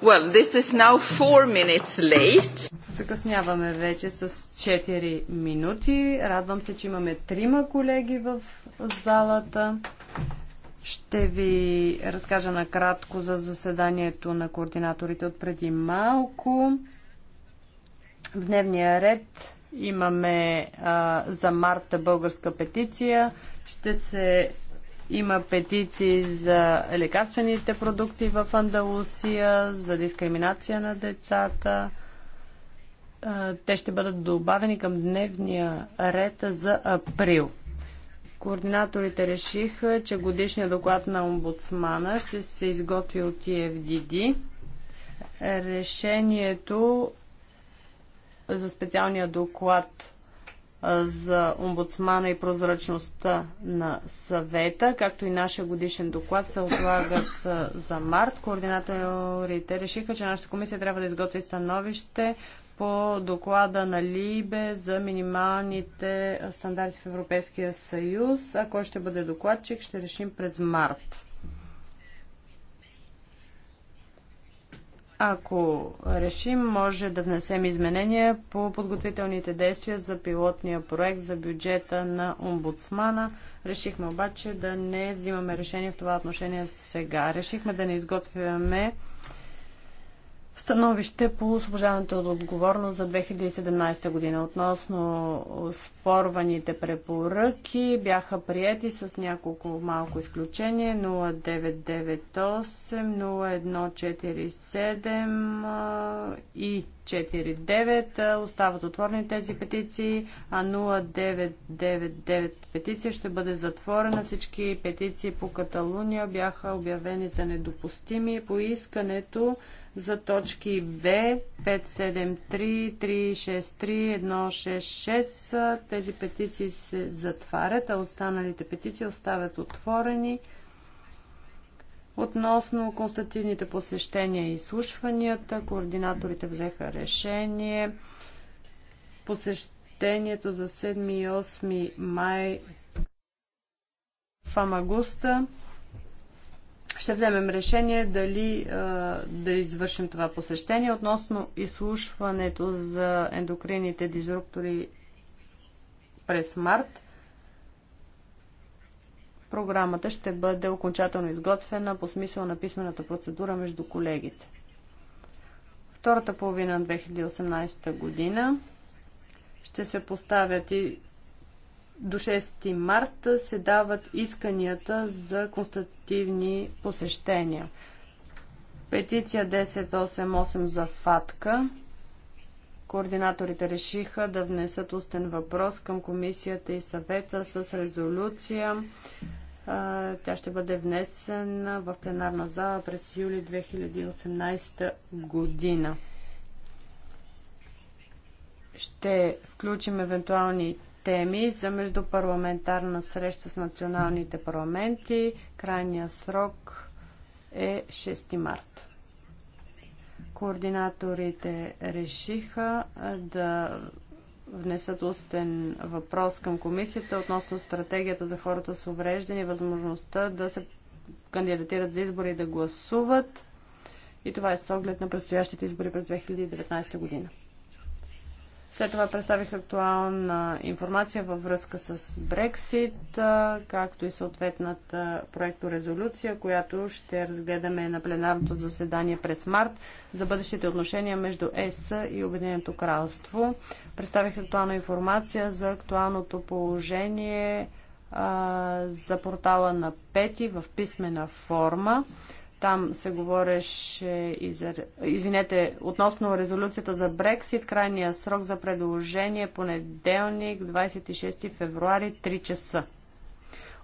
Well, this is now four minutes late. Закъсняваме вече с 4 минути. Радвам се, че имаме трима колеги в залата. Ще ви разкажа накратко за заседанието на координаторите от преди малко. В дневния ред имаме а, за марта българска петиция. Ще се има петиции за лекарствените продукти в Андалусия, за дискриминация на децата. Те ще бъдат добавени към дневния ред за април. Координаторите решиха, че годишният доклад на омбудсмана ще се изготви от EFDD. Решението за специалния доклад за омбудсмана и прозрачността на съвета, както и нашия годишен доклад се отлагат за март. Координаторите решиха, че нашата комисия трябва да изготви становище по доклада на Либе за минималните стандарти в Европейския съюз. А кой ще бъде докладчик, ще решим през март. Ако решим, може да внесем изменения по подготвителните действия за пилотния проект за бюджета на омбудсмана. Решихме обаче да не взимаме решение в това отношение сега. Решихме да не изготвяме становище по освобождаването от отговорност за 2017 година относно спорваните препоръки бяха приети с няколко малко изключение 0998, 0147 и 49. Остават отворени тези петиции, а 0999 петиция ще бъде затворена. Всички петиции по Каталуния бяха обявени за недопустими по искането за точки Б 573, 363, 166. Тези петиции се затварят, а останалите петиции оставят отворени. Относно констативните посещения и изслушванията, координаторите взеха решение посещението за 7 и 8 май в Амагуста ще вземем решение дали да извършим това посещение относно изслушването за ендокрините дизруптори през март. Програмата ще бъде окончателно изготвена по смисъл на писмената процедура между колегите. Втората половина на 2018 година ще се поставят и до 6 марта се дават исканията за констативни посещения. Петиция 1088 за ФАТКА. Координаторите решиха да внесат устен въпрос към комисията и съвета с резолюция. Тя ще бъде внесена в пленарна зала през юли 2018 година. Ще включим евентуални теми за междупарламентарна среща с националните парламенти. Крайният срок е 6 март. Координаторите решиха да внесат устен въпрос към комисията относно стратегията за хората с увреждане и възможността да се кандидатират за избори и да гласуват. И това е с оглед на предстоящите избори през 2019 година. След това представих актуална информация във връзка с Брексит, както и съответната проекторезолюция, която ще разгледаме на пленарното заседание през март за бъдещите отношения между ЕС и Обединеното кралство. Представих актуална информация за актуалното положение за портала на Пети в писмена форма. Там се говореше, извинете, относно резолюцията за Брексит, крайния срок за предложение понеделник, 26 февруари, 3 часа.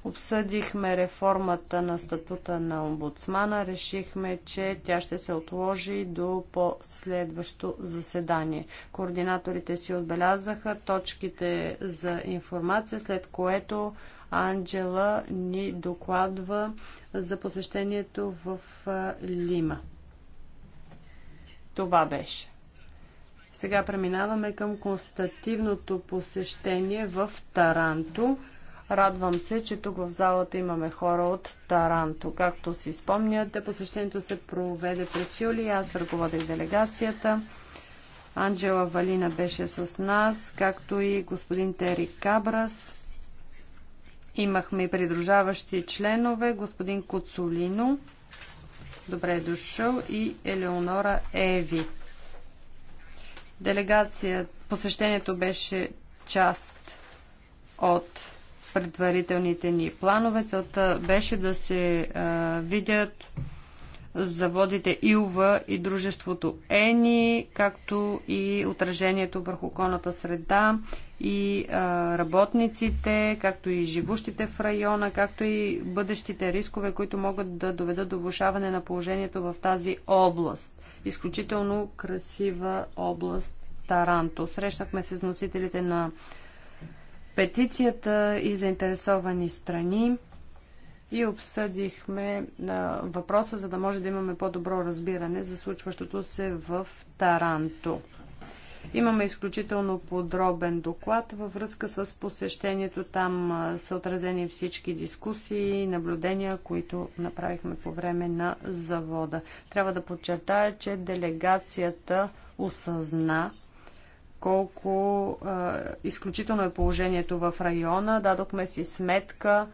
Обсъдихме реформата на статута на омбудсмана. Решихме, че тя ще се отложи до последващо заседание. Координаторите си отбелязаха точките за информация, след което Анджела ни докладва за посещението в Лима. Това беше. Сега преминаваме към констативното посещение в Таранто. Радвам се, че тук в залата имаме хора от Таранто. Както си спомняте, посещението се проведе през юли. Аз ръководех делегацията. Анджела Валина беше с нас, както и господин Тери Кабрас. Имахме и придружаващи членове, господин Куцулино, добре е дошъл, и Елеонора Еви. Делегация, посещението беше част от предварителните ни планове. Целта беше да се а, видят заводите Илва и дружеството Ени, както и отражението върху околната среда и а, работниците, както и живущите в района, както и бъдещите рискове, които могат да доведат до влушаване на положението в тази област. Изключително красива област Таранто. Срещнахме се с носителите на петицията и заинтересовани страни и обсъдихме а, въпроса, за да може да имаме по-добро разбиране за случващото се в Таранто. Имаме изключително подробен доклад във връзка с посещението. Там са отразени всички дискусии и наблюдения, които направихме по време на завода. Трябва да подчертая, че делегацията осъзна колко а, изключително е положението в района. Дадохме си сметка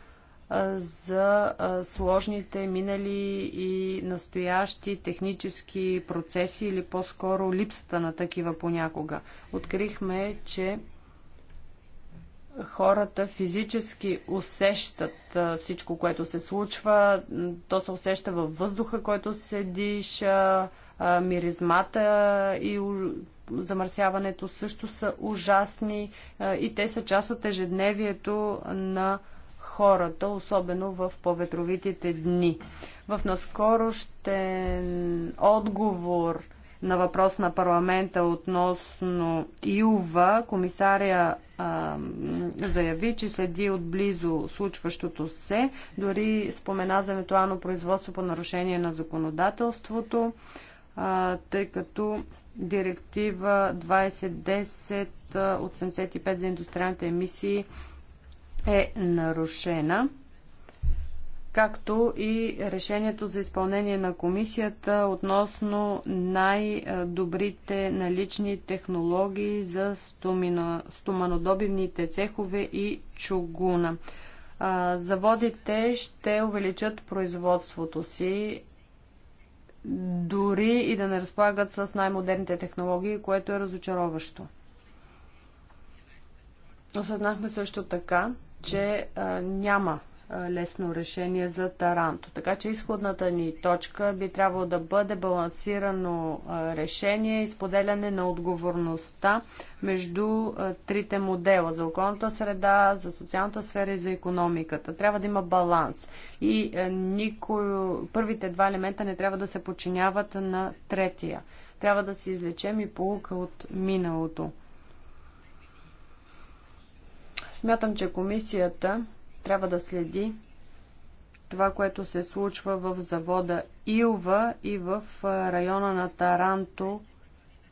за сложните минали и настоящи технически процеси или по-скоро липсата на такива понякога. Открихме, че хората физически усещат всичко, което се случва. То се усеща във въздуха, който се диша, миризмата и замърсяването също са ужасни и те са част от ежедневието на хората, особено в поветровитите дни. В наскорощен отговор на въпрос на парламента относно Юва, комисаря а, заяви, че следи отблизо случващото се, дори спомена за евентуално производство по нарушение на законодателството, а, тъй като директива 2010 от 75 за индустриалните емисии е нарушена, както и решението за изпълнение на комисията относно най-добрите налични технологии за стоманодобивните цехове и чугуна. Заводите ще увеличат производството си дори и да не разполагат с най-модерните технологии, което е разочароващо. Осъзнахме също така, че а, няма лесно решение за Таранто. Така че изходната ни точка би трябвало да бъде балансирано решение и споделяне на отговорността между трите модела за околната среда, за социалната сфера и за економиката. Трябва да има баланс. И никой, първите два елемента не трябва да се подчиняват на третия. Трябва да се излечем и полука от миналото. Смятам, че комисията трябва да следи това, което се случва в завода Илва и в района на Таранто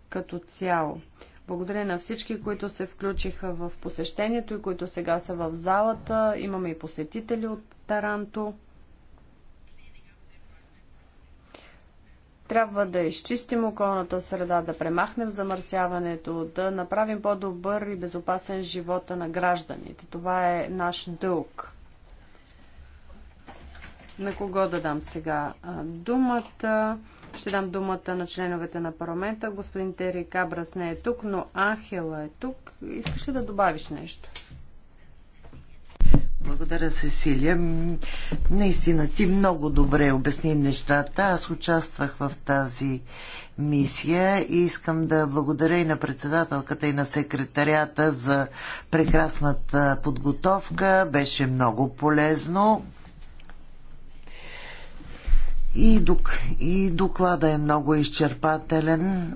като цяло. Благодаря на всички, които се включиха в посещението и които сега са в залата. Имаме и посетители от Таранто. Трябва да изчистим околната среда, да премахнем замърсяването, да направим по-добър и безопасен живота на гражданите. Това е наш дълг. На кого да дам сега думата? Ще дам думата на членовете на парламента. Господин Тери Кабрас не е тук, но Анхела е тук. Искаш ли да добавиш нещо? Благодаря, Сесилия. Наистина, ти много добре обясни нещата. Аз участвах в тази мисия и искам да благодаря и на председателката и на секретарята за прекрасната подготовка. Беше много полезно. И, док, и доклада е много изчерпателен.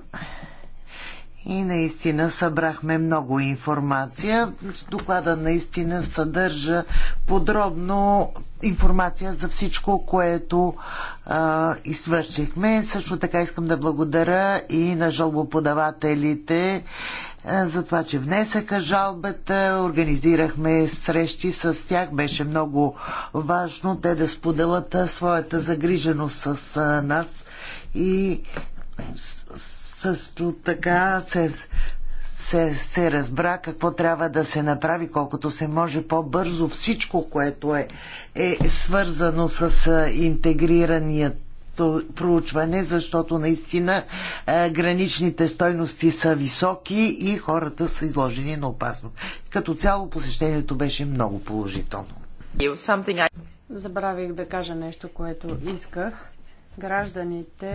И наистина събрахме много информация. Доклада наистина съдържа подробно информация за всичко, което а, извършихме. Също така искам да благодаря и на жалбоподавателите а, за това, че внесеха жалбата, организирахме срещи с тях. Беше много важно те да споделят своята загриженост с а, нас и също така се, се, се разбра какво трябва да се направи, колкото се може по-бързо всичко, което е, е свързано с интегрираният проучване, защото наистина е, граничните стойности са високи и хората са изложени на опасност. Като цяло посещението беше много положително. Забравих да кажа нещо, което исках гражданите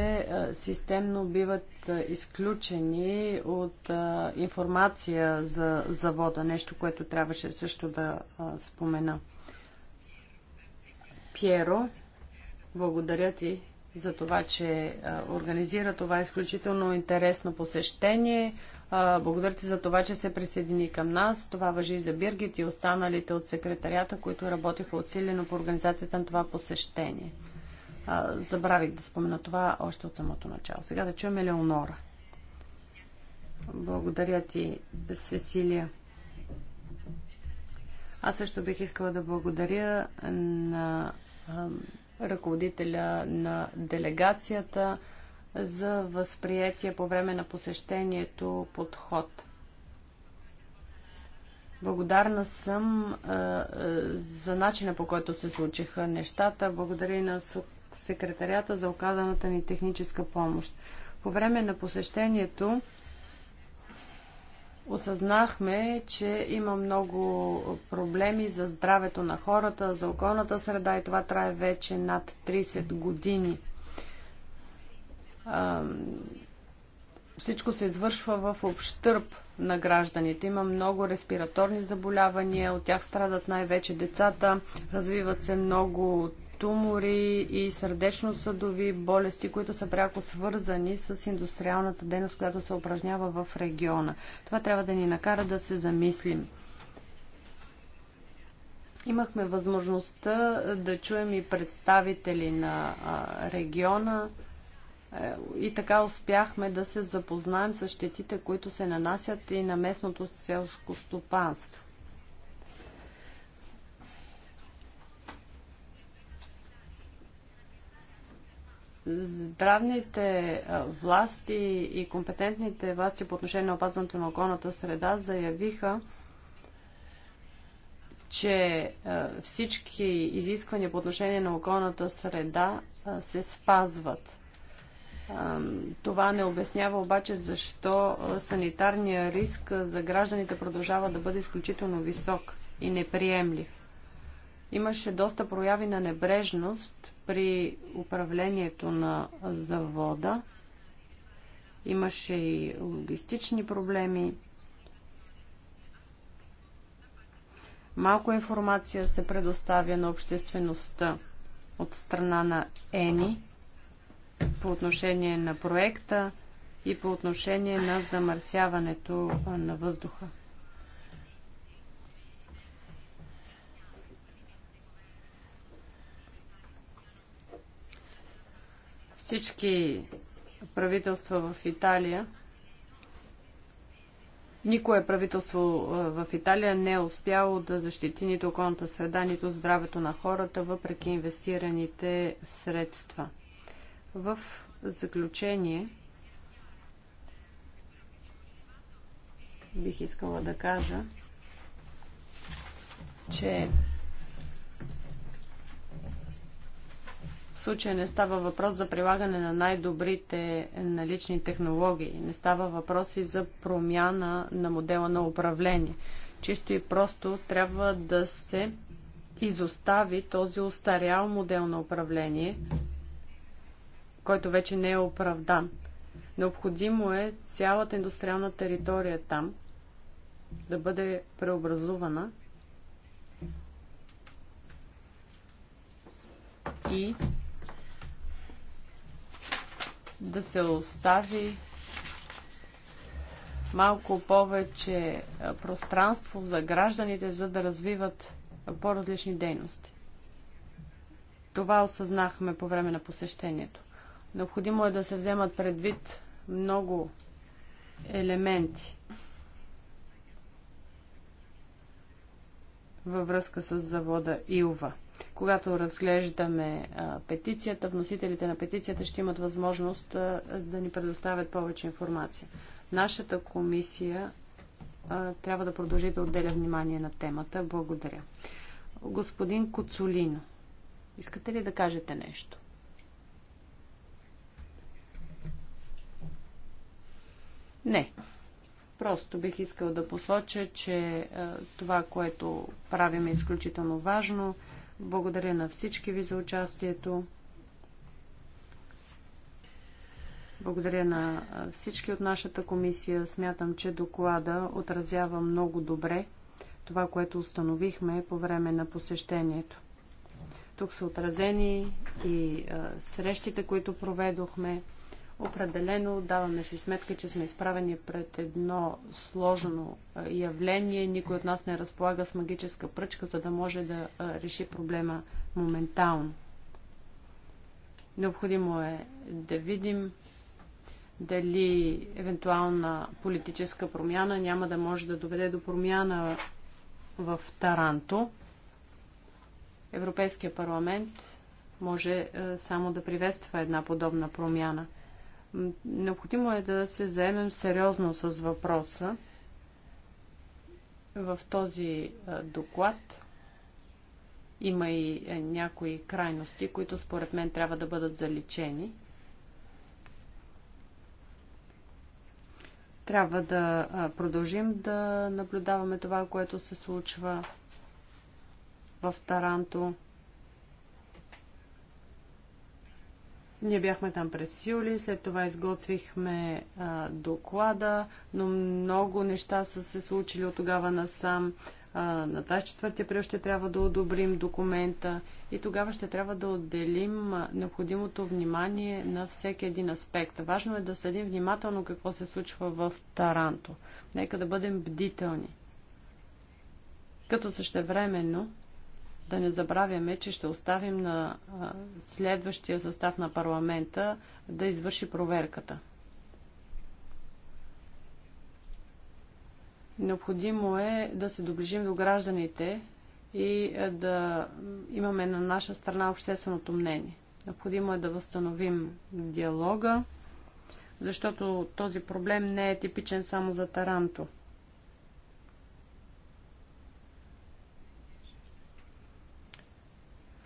е, системно биват е, изключени от е, информация за завода, нещо, което трябваше също да спомена. Пьеро, благодаря ти за това, че организира това изключително интересно посещение. Благодаря ти за това, че се присъедини към нас. Това въжи и за Биргит и останалите от секретарията, които работиха усилено по организацията на това посещение. Забравих да спомена това още от самото начало. Сега да чуем Елеонора. Благодаря ти, Сесилия. Аз също бих искала да благодаря на ръководителя на делегацията за възприятие по време на посещението подход. Благодарна съм а, а, за начина по който се случиха нещата. Благодаря и на секретарията за оказаната ни техническа помощ. По време на посещението осъзнахме, че има много проблеми за здравето на хората, за околната среда и това трае вече над 30 години. всичко се извършва в общърп на гражданите. Има много респираторни заболявания, от тях страдат най-вече децата, развиват се много тумори и сърдечно-съдови болести, които са пряко свързани с индустриалната дейност, която се упражнява в региона. Това трябва да ни накара да се замислим. Имахме възможността да чуем и представители на региона е, и така успяхме да се запознаем с щетите, които се нанасят и на местното селско стопанство. здравните власти и компетентните власти по отношение на опазването на околната среда заявиха, че всички изисквания по отношение на околната среда се спазват. Това не обяснява обаче защо санитарния риск за гражданите продължава да бъде изключително висок и неприемлив. Имаше доста прояви на небрежност при управлението на завода. Имаше и логистични проблеми. Малко информация се предоставя на обществеността от страна на ЕНИ по отношение на проекта и по отношение на замърсяването на въздуха. всички правителства в Италия. Никое правителство в Италия не е успяло да защити нито околната среда, нито здравето на хората, въпреки инвестираните средства. В заключение бих искала да кажа, че случая не става въпрос за прилагане на най-добрите налични технологии. Не става въпрос и за промяна на модела на управление. Чисто и просто трябва да се изостави този устарял модел на управление, който вече не е оправдан. Необходимо е цялата индустриална територия там да бъде преобразувана и да се остави малко повече е, пространство за гражданите, за да развиват по-различни дейности. Това осъзнахме по време на посещението. Необходимо е да се вземат предвид много елементи във връзка с завода Илва. Когато разглеждаме петицията, вносителите на петицията ще имат възможност да ни предоставят повече информация. Нашата комисия трябва да продължи да отделя внимание на темата. Благодаря. Господин Коцолино, искате ли да кажете нещо? Не. Просто бих искал да посоча, че това, което правим е изключително важно. Благодаря на всички ви за участието. Благодаря на всички от нашата комисия. Смятам, че доклада отразява много добре това, което установихме по време на посещението. Тук са отразени и срещите, които проведохме. Определено даваме си сметка, че сме изправени пред едно сложно явление. Никой от нас не разполага с магическа пръчка, за да може да реши проблема моментално. Необходимо е да видим дали евентуална политическа промяна няма да може да доведе до промяна в Таранто. Европейския парламент може само да приветства една подобна промяна – Необходимо е да се заемем сериозно с въпроса. В този доклад има и е, някои крайности, които според мен трябва да бъдат заличени. Трябва да продължим да наблюдаваме това, което се случва в Таранто. Ние бяхме там през юли, след това изготвихме а, доклада, но много неща са се случили от тогава насам. А, на 24 април ще трябва да одобрим документа и тогава ще трябва да отделим необходимото внимание на всеки един аспект. Важно е да следим внимателно какво се случва в Таранто. Нека да бъдем бдителни. Като същевременно да не забравяме, че ще оставим на следващия състав на парламента да извърши проверката. Необходимо е да се доближим до гражданите и е, да имаме на наша страна общественото мнение. Необходимо е да възстановим диалога, защото този проблем не е типичен само за Таранто –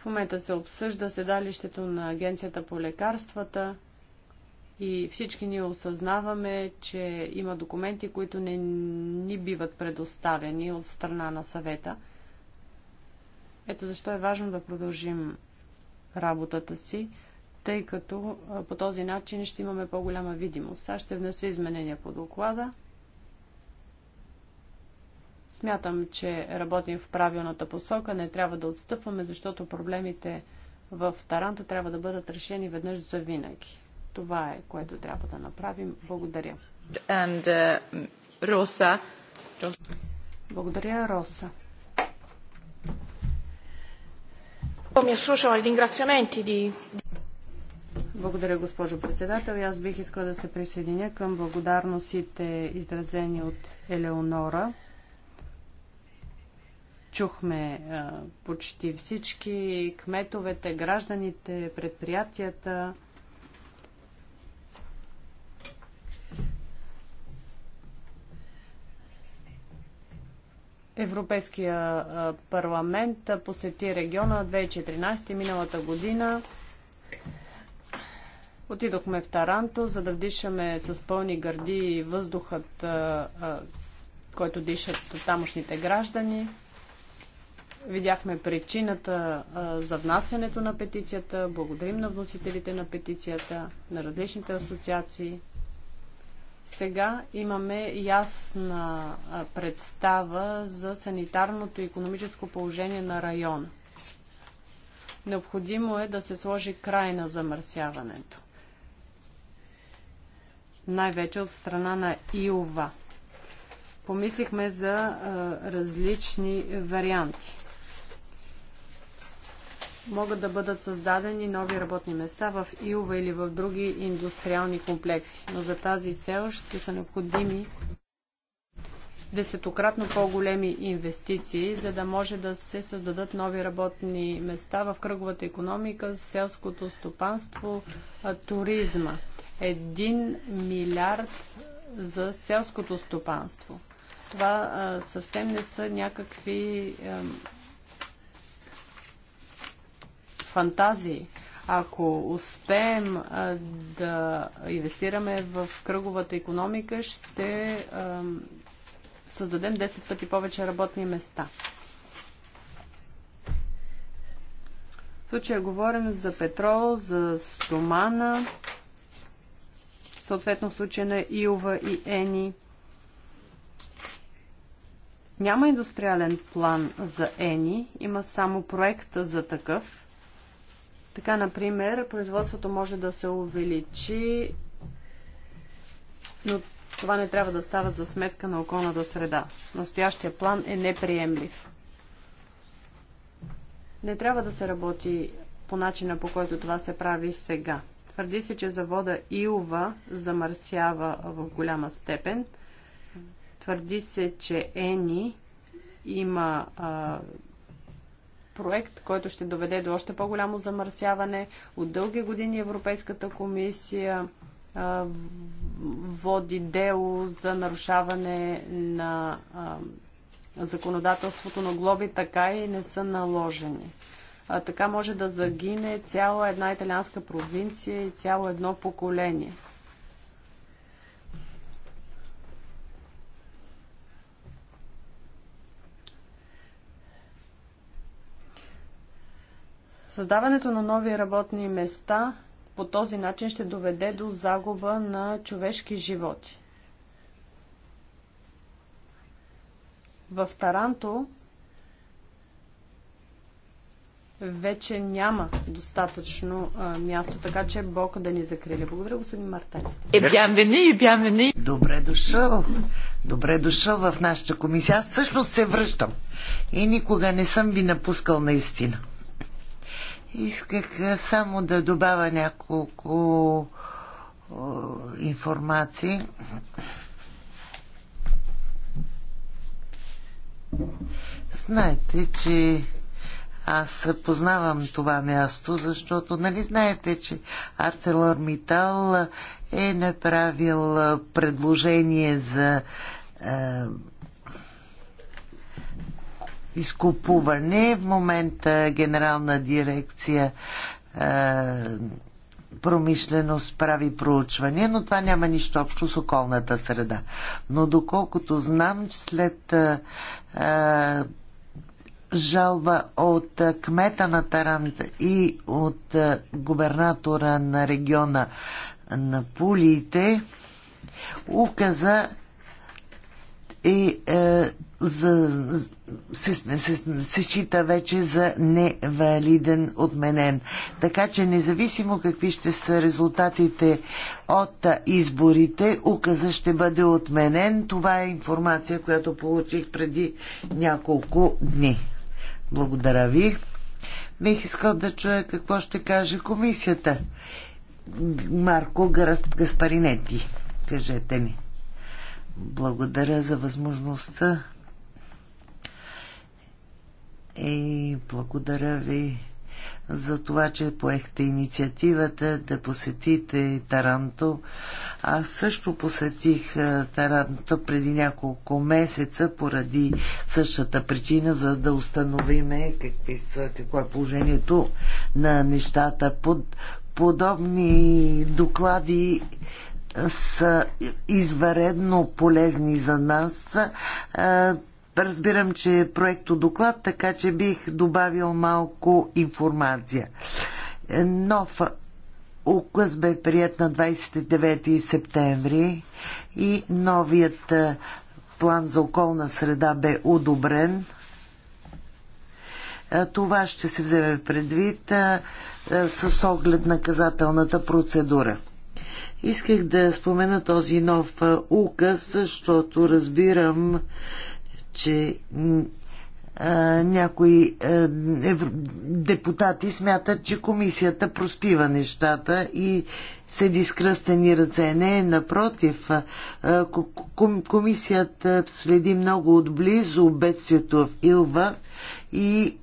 В момента се обсъжда седалището на Агенцията по лекарствата и всички ние осъзнаваме, че има документи, които не ни биват предоставени от страна на съвета. Ето защо е важно да продължим работата си, тъй като по този начин ще имаме по-голяма видимост. Аз ще внеса изменения по доклада Смятам, че работим в правилната посока, не трябва да отстъпваме, защото проблемите в Таранто трябва да бъдат решени веднъж за винаги. Това е, което трябва да направим. Благодаря. And, uh, Rosa. Rosa. Благодаря, Роса. Благодаря, госпожо председател. Аз бих искала да се присъединя към благодарностите, изразени от Елеонора. Чухме почти всички кметовете, гражданите, предприятията. Европейския парламент посети региона 2014 миналата година. Отидохме в Таранто, за да вдишаме с пълни гърди въздухът, който дишат тамошните граждани. Видяхме причината за внасянето на петицията. Благодарим на вносителите на петицията, на различните асоциации. Сега имаме ясна представа за санитарното и економическо положение на района. Необходимо е да се сложи край на замърсяването. Най-вече от страна на ИОВА. Помислихме за а, различни варианти могат да бъдат създадени нови работни места в Илва или в други индустриални комплекси, но за тази цел ще са необходими десетократно по-големи инвестиции, за да може да се създадат нови работни места в кръговата економика, селското стопанство, туризма. Един милиард за селското стопанство. Това а, съвсем не са някакви а, фантазии. Ако успеем а, да инвестираме в кръговата економика, ще а, създадем 10 пъти повече работни места. В случая говорим за петрол, за стомана, съответно в случая на Илва и Ени. Няма индустриален план за Ени, има само проекта за такъв – така, например, производството може да се увеличи, но това не трябва да става за сметка на околната среда. Настоящия план е неприемлив. Не трябва да се работи по начина по който това се прави сега. Твърди се, че завода Илва замърсява в голяма степен. Твърди се, че Ени има а, проект, който ще доведе до още по-голямо замърсяване. От дълги години Европейската комисия а, води дело за нарушаване на а, законодателството на глоби, така и не са наложени. А, така може да загине цяла една италианска провинция и цяло едно поколение. Създаването на нови работни места по този начин ще доведе до загуба на човешки животи. В Таранто вече няма достатъчно а, място, така че Бог да ни закриля. Благодаря, господин Мартен. Е, бянвени, бянвени. Добре дошъл. Добре дошъл в нашата комисия. Аз също се връщам. И никога не съм ви напускал наистина. Исках само да добавя няколко информации. Знаете, че аз познавам това място, защото, нали знаете, че ArcelorMittal е направил предложение за изкупуване. В момента генерална дирекция е, промишленост прави проучване, но това няма нищо общо с околната среда. Но доколкото знам, след е, е жалба от кмета на Тарант и от е, губернатора на региона на Пулиите, указа и е, е, за, се, се, се счита вече за невалиден отменен. Така че независимо какви ще са резултатите от изборите, указа ще бъде отменен. Това е информация, която получих преди няколко дни. Благодаря ви. Бих искал да чуя какво ще каже комисията. Марко Гаспаринети, кажете ни. Благодаря за възможността и благодаря ви за това, че поехте инициативата да посетите Таранто. Аз също посетих Таранто преди няколко месеца поради същата причина, за да установиме какви са, какво е положението на нещата. Под, подобни доклади са изваредно полезни за нас. Разбирам, че е проекто доклад, така че бих добавил малко информация. Е, нов указ бе прият на 29 септември и новият е, план за околна среда бе одобрен. Е, това ще се вземе предвид с оглед наказателната процедура. Исках да спомена този нов указ, защото разбирам, че някои депутати смятат, че комисията проспива нещата и седи с кръстени ръце. Не, напротив, комисията следи много отблизо бедствието в Илва и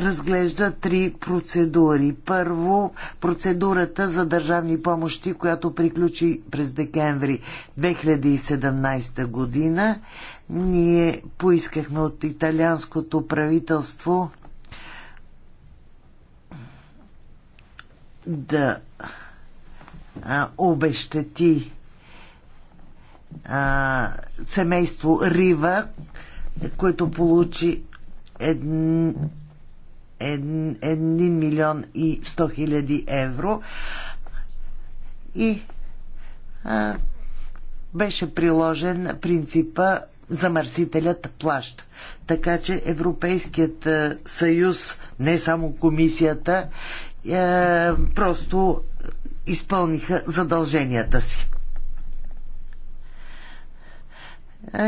разглежда три процедури. Първо, процедурата за държавни помощи, която приключи през декември 2017 година. Ние поискахме от италианското правителство да а, обещати а, семейство Рива, което получи 1 милион и 100 хиляди евро и а, беше приложен принципа замърсителят плаща. Така че Европейският съюз, не само комисията, а, просто изпълниха задълженията си.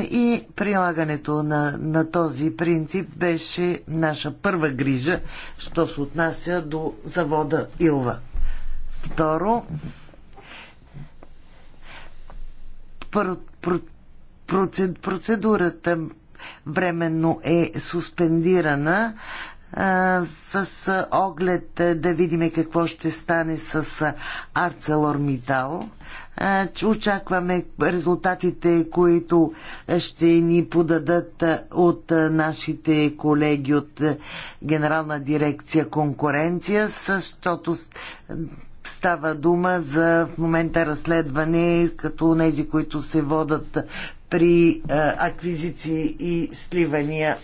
и прилагането на, на този принцип беше наша първа грижа, що се отнася до завода Илва. Второ, процедурата временно е суспендирана с оглед да видим какво ще стане с ArcelorMittal. Очакваме резултатите, които ще ни подадат от нашите колеги от Генерална дирекция конкуренция, защото става дума за в момента разследване като тези, които се водат при аквизиции и сливания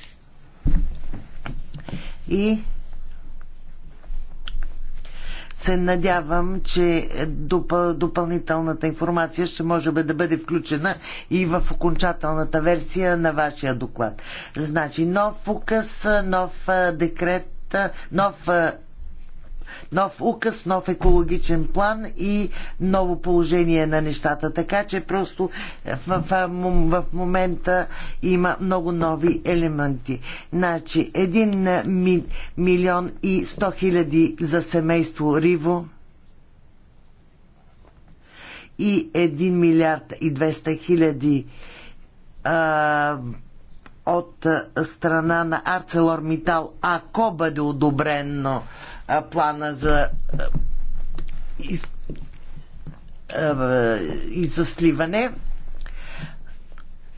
и се надявам, че допъл, допълнителната информация ще може да бъде включена и в окончателната версия на вашия доклад. Значи нов указ, нов декрет, нов нов указ, нов екологичен план и ново положение на нещата. Така че просто в, в, в момента има много нови елементи. Значи 1 е, милион и 100 хиляди за семейство Риво и 1 милиард и 200 хиляди от страна на Арцелор Митал, ако бъде одобрено плана за и за сливане.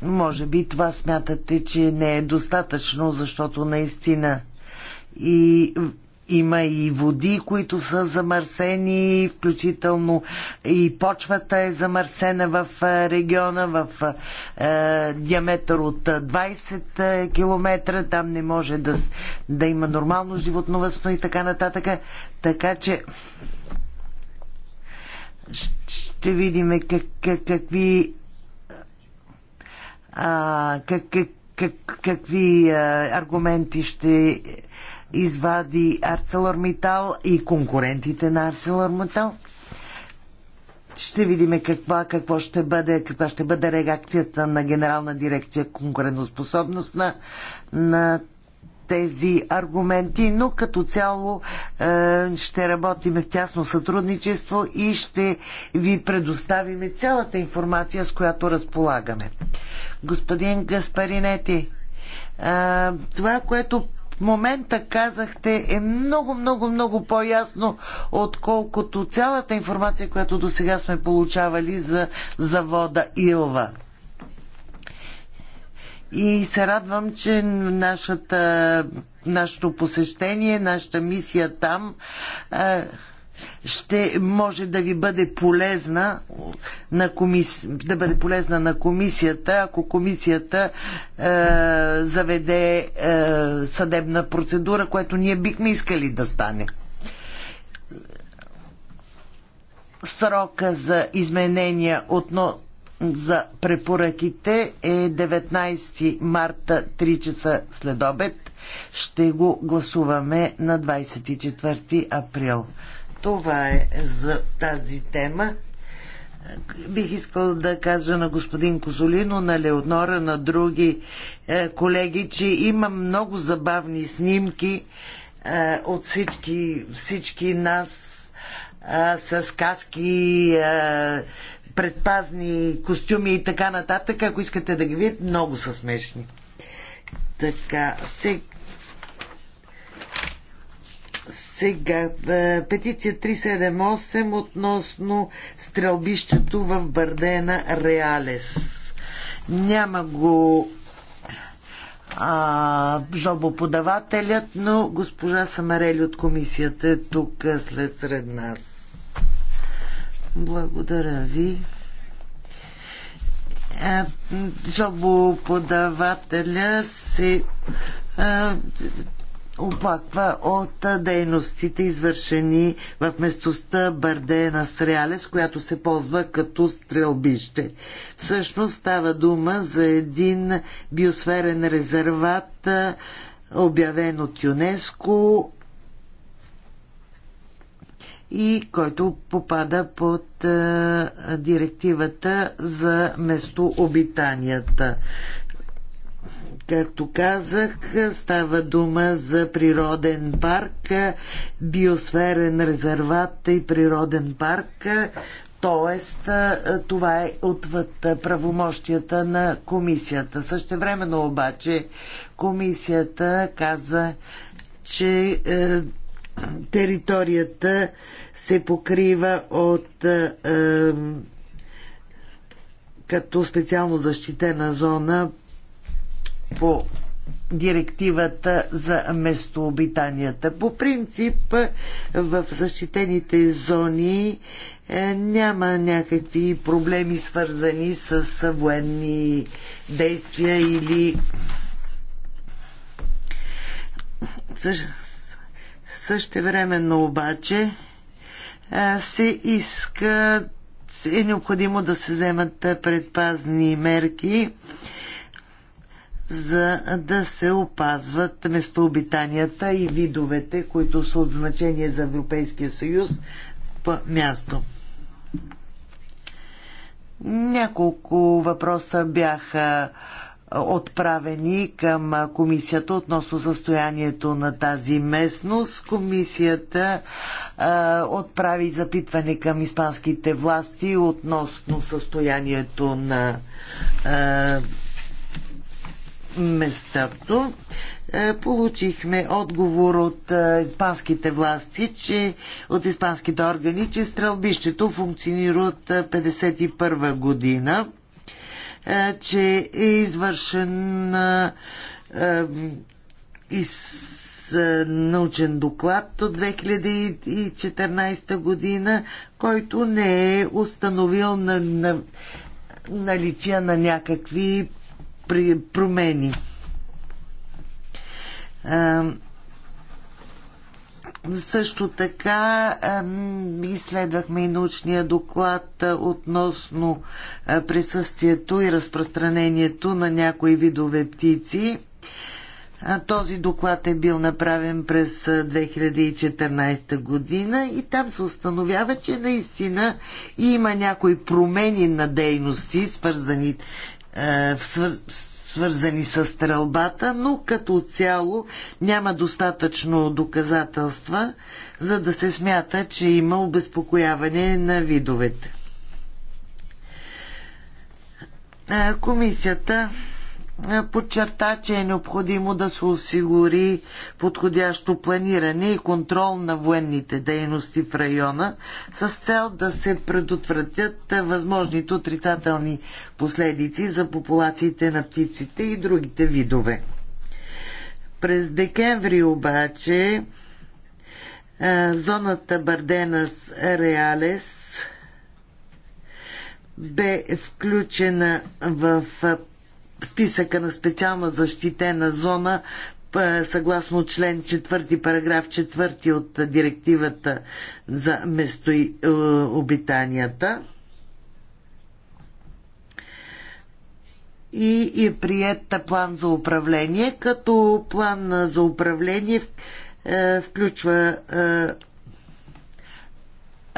Може би това смятате, че не е достатъчно, защото наистина и има и води, които са замърсени, включително и почвата е замърсена в региона в е, диаметър от 20 км. Там не може да, да има нормално животновъзно и така нататък. Така че ще видим как, как, какви а, как, как, как, какви а, аргументи ще извади ArcelorMittal и конкурентите на ArcelorMittal. Ще видим каква, какво ще бъде, каква ще бъде реакцията на Генерална дирекция конкурентоспособност на, на тези аргументи, но като цяло е, ще работим в тясно сътрудничество и ще ви предоставиме цялата информация, с която разполагаме. Господин Гаспаринети, е, това, което момента казахте е много, много, много по-ясно, отколкото цялата информация, която до сега сме получавали за завода Илва. И се радвам, че нашата, нашето посещение, нашата мисия там е, ще може да ви бъде полезна на, комис... да бъде полезна на комисията, ако комисията е, заведе е, съдебна процедура, което ние бихме искали да стане. Срока за изменения относно за препоръките е 19 марта 3 часа след обед. Ще го гласуваме на 24 април. Това е за тази тема. Бих искал да кажа на господин Козолино, на Леонора, на други е, колеги, че има много забавни снимки е, от всички, всички нас е, с каски, е, предпазни костюми и така нататък. Ако искате да ги видите, много са смешни. Така, сега Сега, петиция 378 относно стрелбището в Бардена Реалес. Няма го а, жалбоподавателят, но госпожа Самарели от комисията е тук след сред нас. Благодаря ви. Жалбоподавателя се оплаква от дейностите, извършени в местността Бардена Среалес, която се ползва като стрелбище. Всъщност става дума за един биосферен резерват, обявен от ЮНЕСКО и който попада под директивата за местообитанията. Както казах, става дума за природен парк, биосферен резерват и природен парк. Тоест, това е отвъд правомощията на комисията. Същевременно обаче комисията казва, че е, територията се покрива от е, е като специално защитена зона по директивата за местообитанията. По принцип в защитените зони е, няма някакви проблеми свързани с военни действия или Същевременно обаче е, се иска е необходимо да се вземат предпазни мерки за да се опазват местообитанията и видовете, които са от значение за Европейския съюз по място. Няколко въпроса бяха отправени към комисията относно състоянието на тази местност. Комисията а, отправи запитване към испанските власти относно състоянието на а, местото. Е, получихме отговор от е, испанските власти, че от испанските органи, че стрелбището функционира от 1951 е, година, че е извършен из научен доклад от 2014 година, който не е установил на, на, наличие на някакви промени. Също така изследвахме и научния доклад относно присъствието и разпространението на някои видове птици. Този доклад е бил направен през 2014 година и там се установява, че наистина има някои промени на дейности, свързани е, свързани с стрелбата, но като цяло няма достатъчно доказателства, за да се смята, че има обезпокояване на видовете. Е, комисията е, подчерта, че е необходимо да се осигури подходящо планиране и контрол на военните дейности в района с цел да се предотвратят е, възможните отрицателни последици за популациите на птиците и другите видове. През декември обаче е, зоната Барденас Реалес бе включена в списъка на специална защитена зона съгласно член 4, параграф 4 от директивата за местообитанията. И е прият план за управление, като план за управление е, включва е,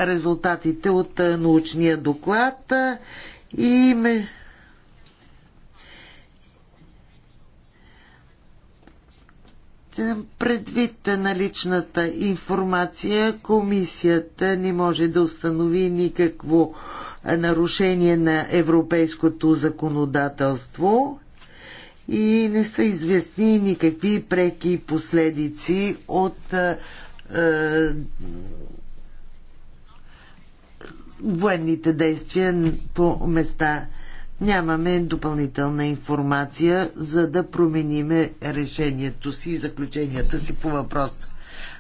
резултатите от е, научния доклад и Предвид наличната информация, комисията не може да установи никакво е, нарушение на европейското законодателство и не са известни никакви преки последици от е, е военните действия по места нямаме допълнителна информация, за да промениме решението си и заключенията си по въпроса.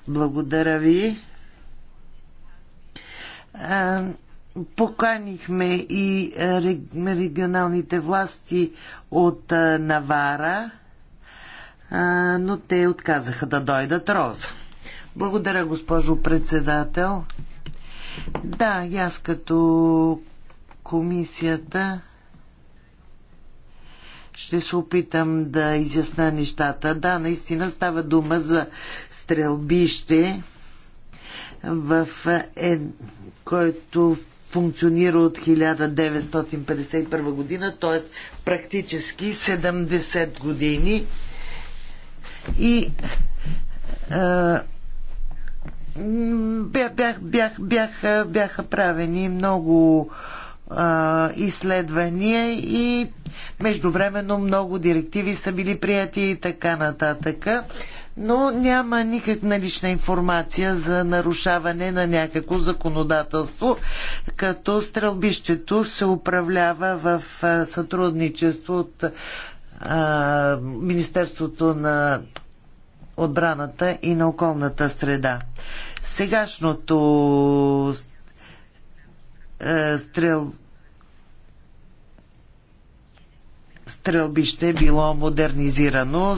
Благодаря ви. Поканихме и регионалните власти от Навара, но те отказаха да дойдат Роза. Благодаря, госпожо председател. Да, и аз като комисията ще се опитам да изясна нещата. Да, наистина става дума за стрелбище, в е, който функционира от 1951 година, т.е. практически 70 години. И е, бях, бях, бях, бяха, правени много изследвания и междувременно много директиви са били прияти и така нататък. Но няма никак налична информация за нарушаване на някакво законодателство, като стрелбището се управлява в сътрудничество от а, Министерството на отбраната и на околната среда. Сегашното е, стрел стрелбище било модернизирано.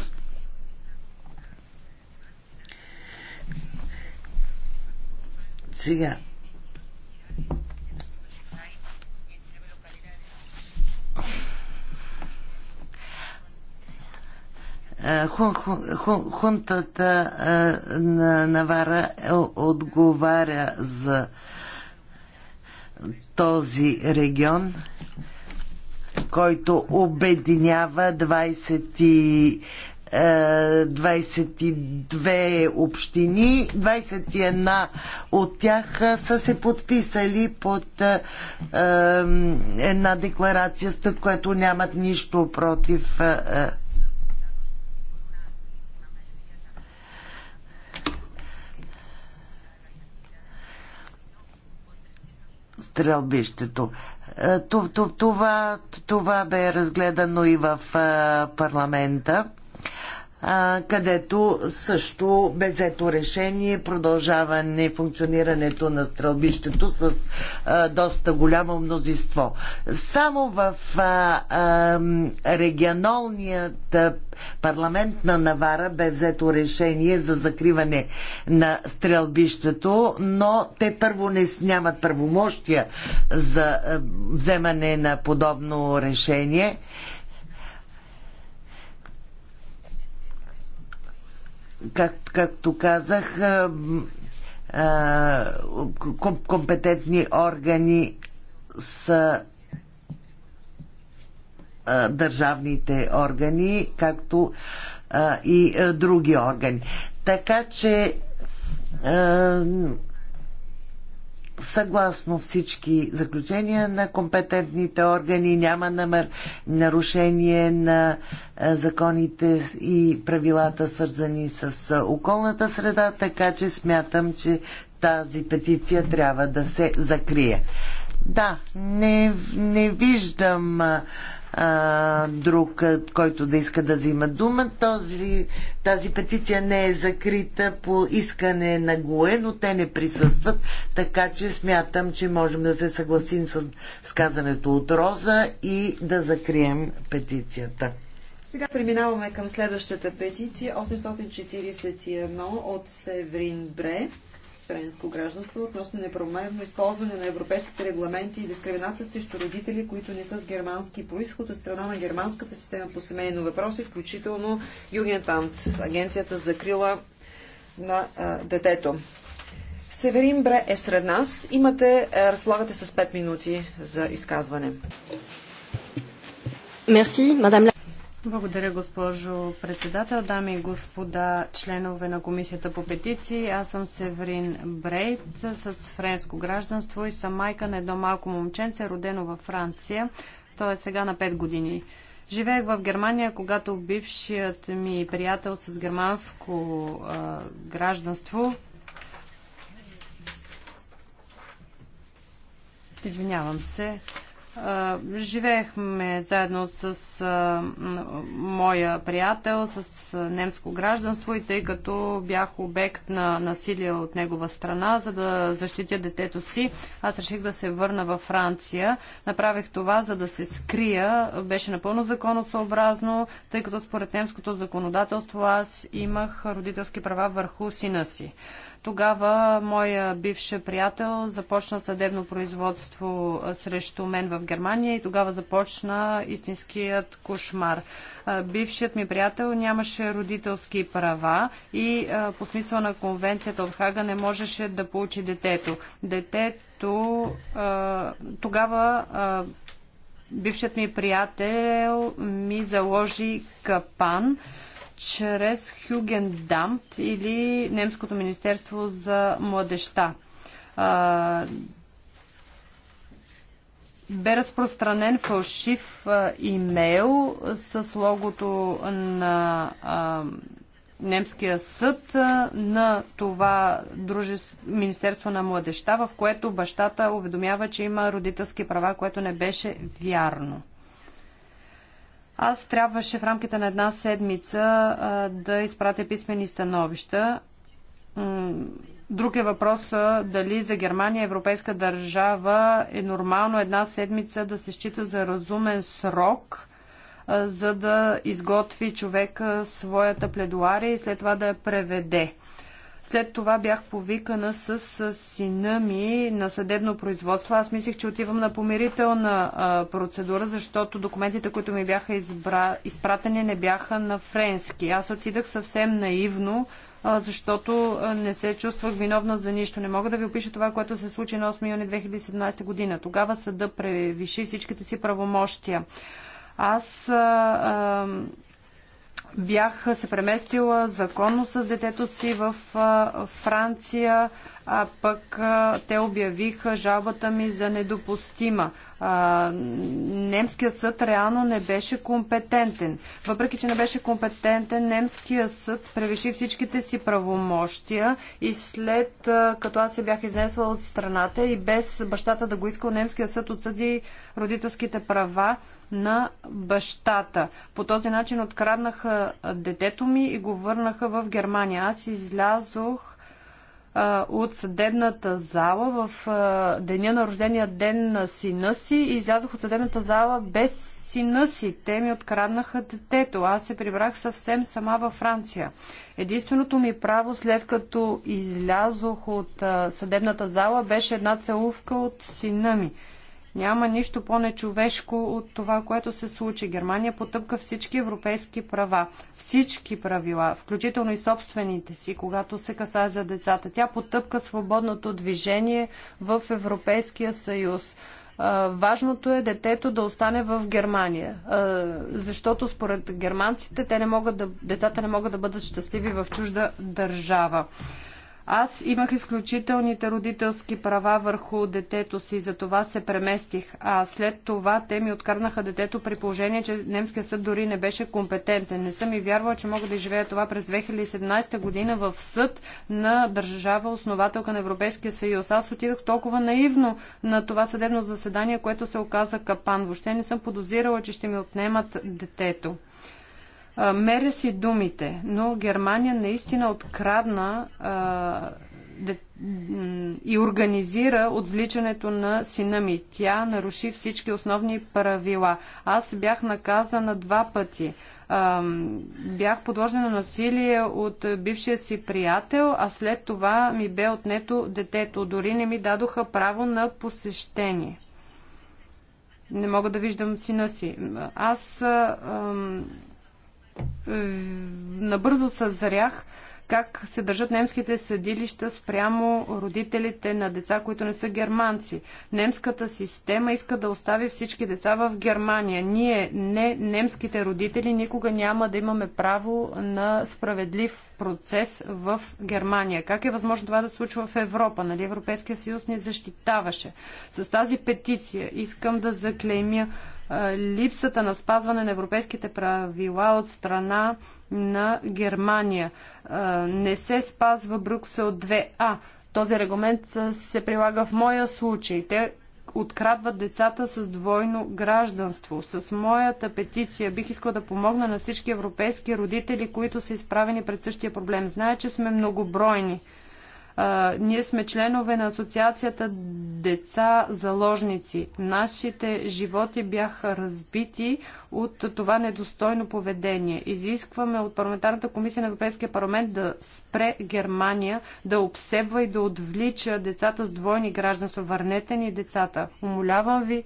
Сега. Е, хун, хун, хунтата е, на Навара отговаря за този регион, който обединява 20 22 е, общини, 21 от тях е, са се подписали под е, една декларация, след което нямат нищо против стрелбището. Е, това, това бе разгледано и в е, парламента където също безето решение продължава нефункционирането на стрелбището с а, доста голямо мнозинство. Само в а, а, регионалният парламент на Навара бе взето решение за закриване на стрелбището, но те първо не нямат правомощия за вземане на подобно решение. А, как, както казах, компетентни органи са държавните органи, както и други органи. Така че съгласно всички заключения на компетентните органи, няма намер нарушение на законите и правилата, свързани с околната среда, така че смятам, че тази петиция трябва да се закрие. Да, не, не виждам а, друг, който да иска да взима дума. Този, тази петиция не е закрита по искане на ГОЕ, но те не присъстват, така че смятам, че можем да се съгласим с сказането от Роза и да закрием петицията. Сега преминаваме към следващата петиция 841 от Севрин Бре френско гражданство относно неправомерно използване на европейските регламенти и дискриминация срещу родители, които не са с германски происход от страна на германската система по семейно въпроси, включително Югентант, агенцията за крила на а, детето. Северин Бре е сред нас. Имате, а, разполагате с 5 минути за изказване. Мерси, мадам благодаря, госпожо председател, дами и господа, членове на Комисията по петиции. Аз съм Севрин Брейт с френско гражданство и съм майка на едно малко момченце, родено във Франция. Той е сега на 5 години. Живеех в Германия, когато бившият ми приятел с германско а, гражданство. Извинявам се Живеехме заедно с а, моя приятел, с немско гражданство и тъй като бях обект на насилие от негова страна, за да защитя детето си, аз реших да се върна във Франция. Направих това, за да се скрия. Беше напълно законосъобразно, тъй като според немското законодателство аз имах родителски права върху сина си. Тогава моя бивш приятел започна съдебно производство срещу мен в Германия и тогава започна истинският кошмар. Бившият ми приятел нямаше родителски права и по смисъл на конвенцията от Хага не можеше да получи детето. Детето тогава бившият ми приятел ми заложи капан чрез Хюген Дамт или Немското министерство за младеща. Бе разпространен фалшив имейл с логото на немския съд на това дружество, Министерство на младеща, в което бащата уведомява, че има родителски права, което не беше вярно. Аз трябваше в рамките на една седмица а, да изпратя писмени становища. Друг е въпрос дали за Германия, европейска държава, е нормално една седмица да се счита за разумен срок, а, за да изготви човек своята пледуария и след това да я преведе. След това бях повикана с, с сина ми на съдебно производство. Аз мислих, че отивам на помирителна а, процедура, защото документите, които ми бяха избра... изпратени, не бяха на френски. Аз отидах съвсем наивно, а, защото не се чувствах виновна за нищо. Не мога да ви опиша това, което се случи на 8 юни 2017 година. Тогава съда превиши всичките си правомощия. Аз а, а бях се преместила законно с детето си в Франция, а пък те обявиха жалбата ми за недопустима. Немският съд реално не беше компетентен. Въпреки, че не беше компетентен, немският съд превиши всичките си правомощия и след като аз се бях изнесла от страната и без бащата да го искал, немският съд отсъди родителските права на бащата. По този начин откраднаха детето ми и го върнаха в Германия. Аз излязох от съдебната зала в деня на рождения ден на сина си и излязох от съдебната зала без сина си. Те ми откраднаха детето. Аз се прибрах съвсем сама във Франция. Единственото ми право, след като излязох от съдебната зала, беше една целувка от сина ми. Няма нищо по-нечовешко от това, което се случи. Германия потъпка всички европейски права, всички правила, включително и собствените си, когато се касае за децата. Тя потъпка свободното движение в Европейския съюз важното е детето да остане в Германия. Защото според германците те не могат да, децата не могат да бъдат щастливи в чужда държава. Аз имах изключителните родителски права върху детето си, за това се преместих. А след това те ми откарнаха детето при положение, че немския съд дори не беше компетентен. Не съм и вярвала, че мога да живея това през 2017 година в съд на държава, основателка на Европейския съюз. Аз отидох толкова наивно на това съдебно заседание, което се оказа капан. Въобще не съм подозирала, че ще ми отнемат детето меря си думите, но Германия наистина открадна и организира отвличането на сина ми. Тя наруши всички основни правила. Аз бях наказана два пъти. Бях подложена на насилие от бившия си приятел, а след това ми бе отнето детето. Дори не ми дадоха право на посещение. Не мога да виждам сина си. Аз набързо съзрях как се държат немските съдилища спрямо родителите на деца, които не са германци. Немската система иска да остави всички деца в Германия. Ние, не немските родители, никога няма да имаме право на справедлив процес в Германия. Как е възможно това да се случва в Европа? Нали Европейския съюз ни защитаваше. С тази петиция искам да заклеймя липсата на спазване на европейските правила от страна на Германия. Не се спазва Брюксел 2А. Този регламент се прилага в моя случай. Те открадват децата с двойно гражданство. С моята петиция бих искала да помогна на всички европейски родители, които са изправени пред същия проблем. Зная, че сме многобройни. А, ние сме членове на Асоциацията Деца заложници. Нашите животи бяха разбити от това недостойно поведение. Изискваме от Парламентарната комисия на Европейския парламент да спре Германия, да обсебва и да отвлича децата с двойни гражданства. Върнете ни децата. Умолявам ви,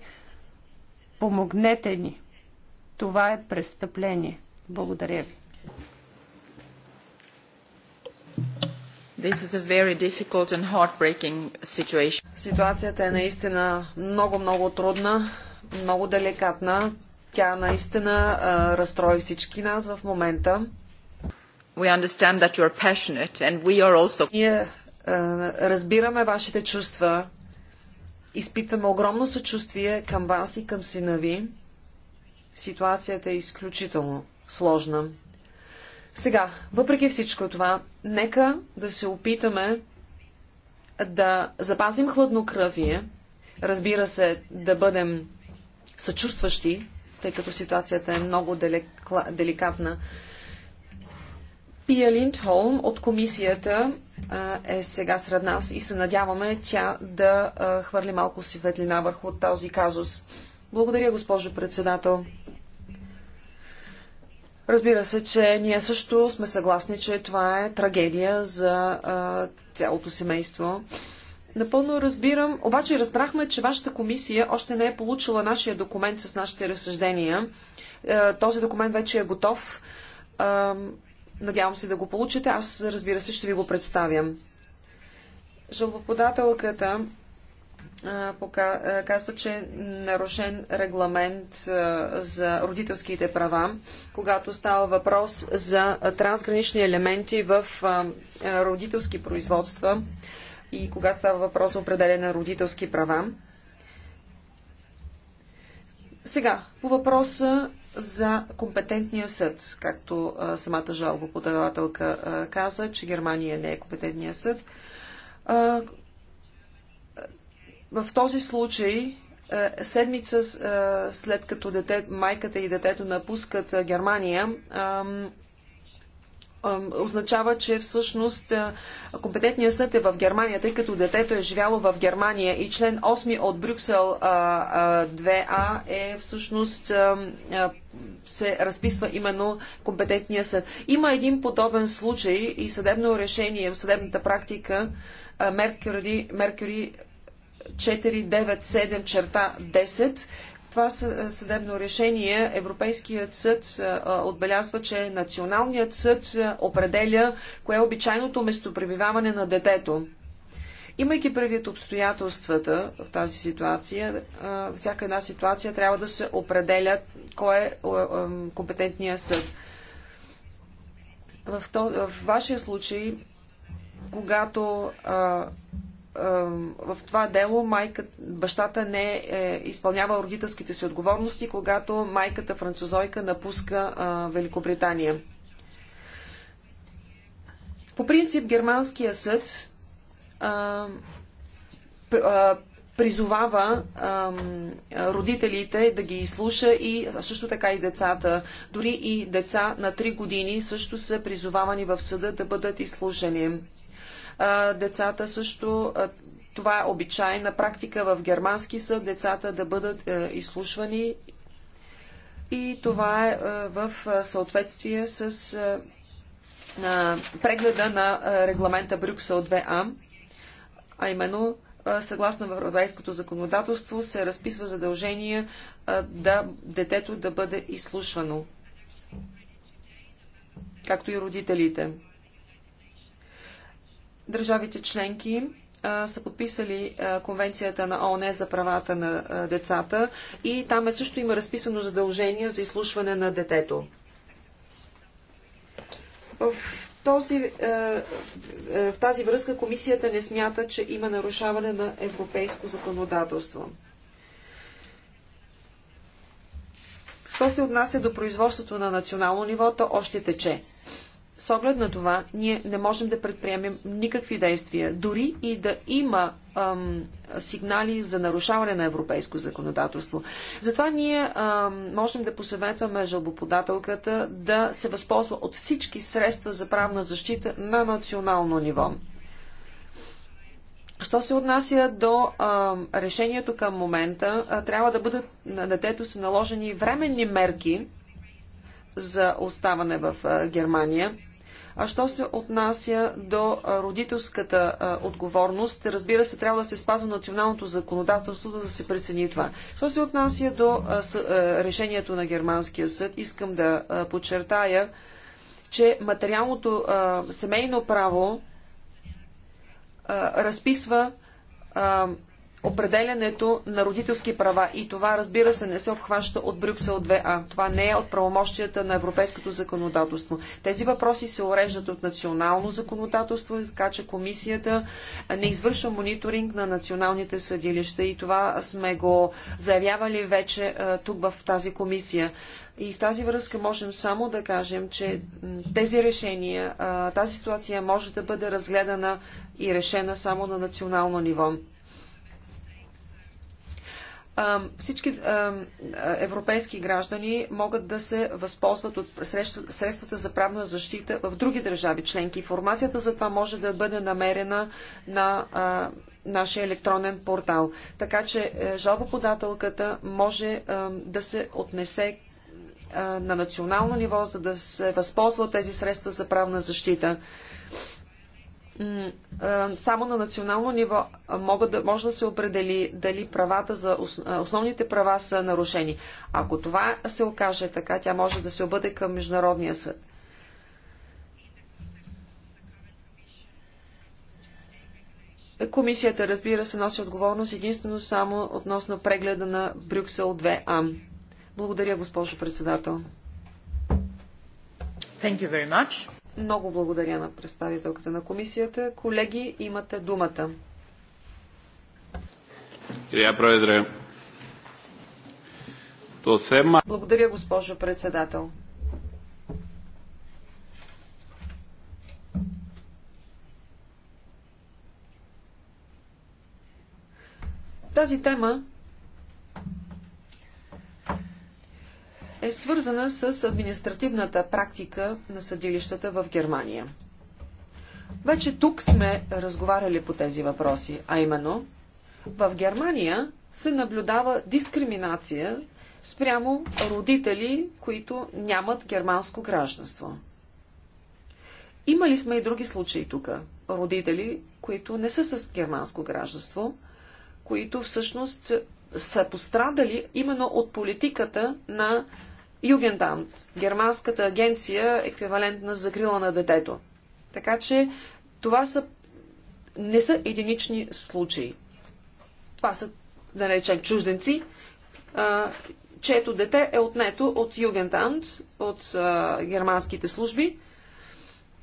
помогнете ни. Това е престъпление. Благодаря ви. Ситуацията е наистина много-много трудна, много деликатна. Тя наистина разстрои всички нас в момента. We understand that you are passionate and we are also... Ние разбираме вашите чувства, изпитваме огромно съчувствие към вас и към сина ви. Ситуацията е изключително сложна. Сега, въпреки всичко това, нека да се опитаме да запазим хладнокръвие, разбира се, да бъдем съчувстващи, тъй като ситуацията е много деликатна. Пия Линдхолм от комисията е сега сред нас и се надяваме тя да хвърли малко светлина върху този казус. Благодаря, госпожо председател. Разбира се, че ние също сме съгласни, че това е трагедия за а, цялото семейство. Напълно разбирам, обаче разбрахме, че вашата комисия още не е получила нашия документ с нашите разсъждения. Е, този документ вече е готов. Е, надявам се да го получите. Аз, разбира се, ще ви го представям. Жалбоподателката казва, че нарушен регламент за родителските права, когато става въпрос за трансгранични елементи в родителски производства и когато става въпрос за определене на родителски права. Сега, по въпроса за компетентния съд, както а, самата жалбоподавателка а, каза, че Германия не е компетентния съд. А, в този случай, е, седмица е, след като дете, майката и детето напускат е, Германия, означава, че всъщност компетентният съд е в Германия, тъй като детето е живяло в Германия и член 8 от Брюксел 2А е всъщност се разписва именно компетентния съд. Има един подобен случай и съдебно решение в съдебната практика Меркюри, Меркюри 497 черта 10. В това е, съдебно решение Европейският съд е, е, отбелязва, че Националният съд определя кое е обичайното местопребиваване на детето. Имайки предвид обстоятелствата в тази ситуация, всяка една ситуация трябва да се определя кой е компетентният съд. В, то, в вашия случай, когато в това дело майка, бащата не е, изпълнява родителските си отговорности, когато майката французойка напуска а, Великобритания. По принцип, германския съд а, а, призовава а, родителите да ги изслуша и също така и децата. Дори и деца на 3 години също са призовавани в съда да бъдат изслушани децата също. Това е обичайна практика в германски съд, децата да бъдат е, изслушвани и това е, е в е, съответствие с прегледа на регламента Брюксел 2А, а именно съгласно европейското законодателство се разписва задължение да детето да бъде изслушвано, както и родителите. Държавите членки са подписали Конвенцията на ООН за правата на децата и там е също има разписано задължение за изслушване на детето. В, този, е, е, в тази връзка комисията не смята, че има нарушаване на европейско законодателство. Що се отнася до производството на национално ниво, то още тече. С оглед на това, ние не можем да предприемем никакви действия, дори и да има ам, сигнали за нарушаване на европейско законодателство. Затова ние ам, можем да посъветваме жалбоподателката да се възползва от всички средства за правна защита на национално ниво. Що се отнася до а, решението към момента, а, трябва да бъдат на детето са наложени временни мерки за оставане в а, Германия. А що се отнася до родителската отговорност, разбира се, трябва да се спазва националното законодателство, да се прецени това. Що се отнася до решението на Германския съд, искам да подчертая, че материалното семейно право разписва определянето на родителски права. И това, разбира се, не се обхваща от Брюксел 2А. Това не е от правомощията на европейското законодателство. Тези въпроси се уреждат от национално законодателство, така че комисията не извършва мониторинг на националните съдилища и това сме го заявявали вече тук в тази комисия. И в тази връзка можем само да кажем, че тези решения, тази ситуация може да бъде разгледана и решена само на национално ниво всички европейски граждани могат да се възползват от средствата за правна защита в други държави членки. Информацията за това може да бъде намерена на нашия електронен портал. Така че е, жалбоподателката може да се отнесе на национално ниво, за да се възползва тези средства за правна защита само на национално ниво мога да, може да се определи дали правата за основните права са нарушени. Ако това се окаже така, тя може да се объде към Международния съд. Комисията, разбира се, носи отговорност единствено само относно прегледа на Брюксел 2А. Благодаря, госпожо председател. Thank you very much. Много благодаря на представителката на комисията. Колеги, имате думата. Благодаря, госпожо председател. Тази тема е свързана с административната практика на съдилищата в Германия. Вече тук сме разговаряли по тези въпроси, а именно в Германия се наблюдава дискриминация спрямо родители, които нямат германско гражданство. Имали сме и други случаи тук. Родители, които не са с германско гражданство, които всъщност са пострадали именно от политиката на Югендамт, германската агенция, еквивалент на закрила на детето. Така че това са, не са единични случаи. Това са, да наречем, чужденци, а, чието дете е отнето от Югендамт, от а, германските служби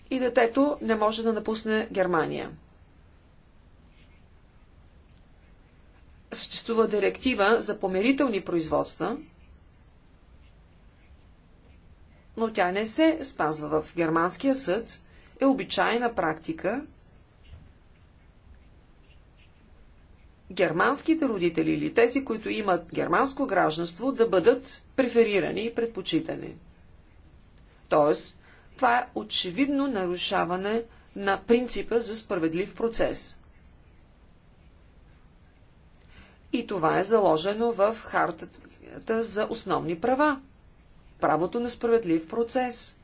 и детето не може да напусне Германия. Съществува директива за помирителни производства – но тя не се спазва. В германския съд е обичайна практика германските родители или тези, които имат германско гражданство, да бъдат преферирани и предпочитани. Тоест, това е очевидно нарушаване на принципа за справедлив процес. И това е заложено в хартата за основни права правото на справедлив процес.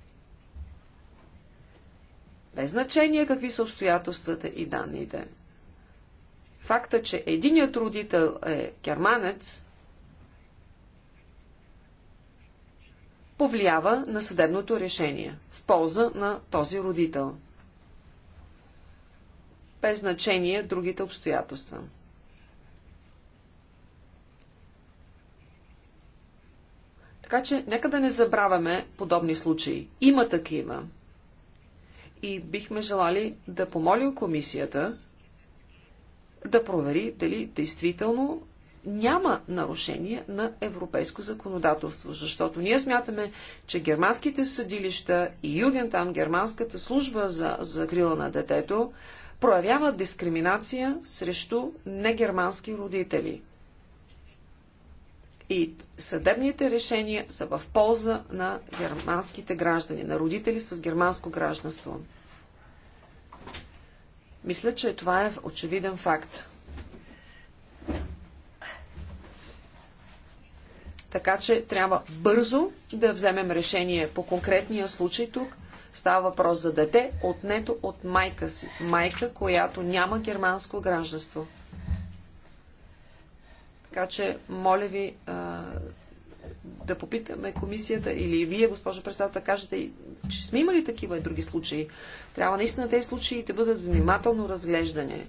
Без значение какви са обстоятелствата и данните. Факта, че единият родител е германец, повлиява на съдебното решение в полза на този родител. Без значение другите обстоятелства. Така че нека да не забравяме подобни случаи. Има такива. И бихме желали да помолим комисията да провери дали действително няма нарушение на европейско законодателство, защото ние смятаме, че германските съдилища и югентан, германската служба за закрила на детето, проявяват дискриминация срещу негермански родители. И съдебните решения са в полза на германските граждани, на родители с германско гражданство. Мисля, че това е очевиден факт. Така че трябва бързо да вземем решение по конкретния случай тук. Става въпрос за дете, отнето от майка си. Майка, която няма германско гражданство. Така че, моля ви а, да попитаме комисията или вие, госпожо председател, да кажете, че сме имали такива и други случаи. Трябва наистина тези случаи да бъдат внимателно разглеждани.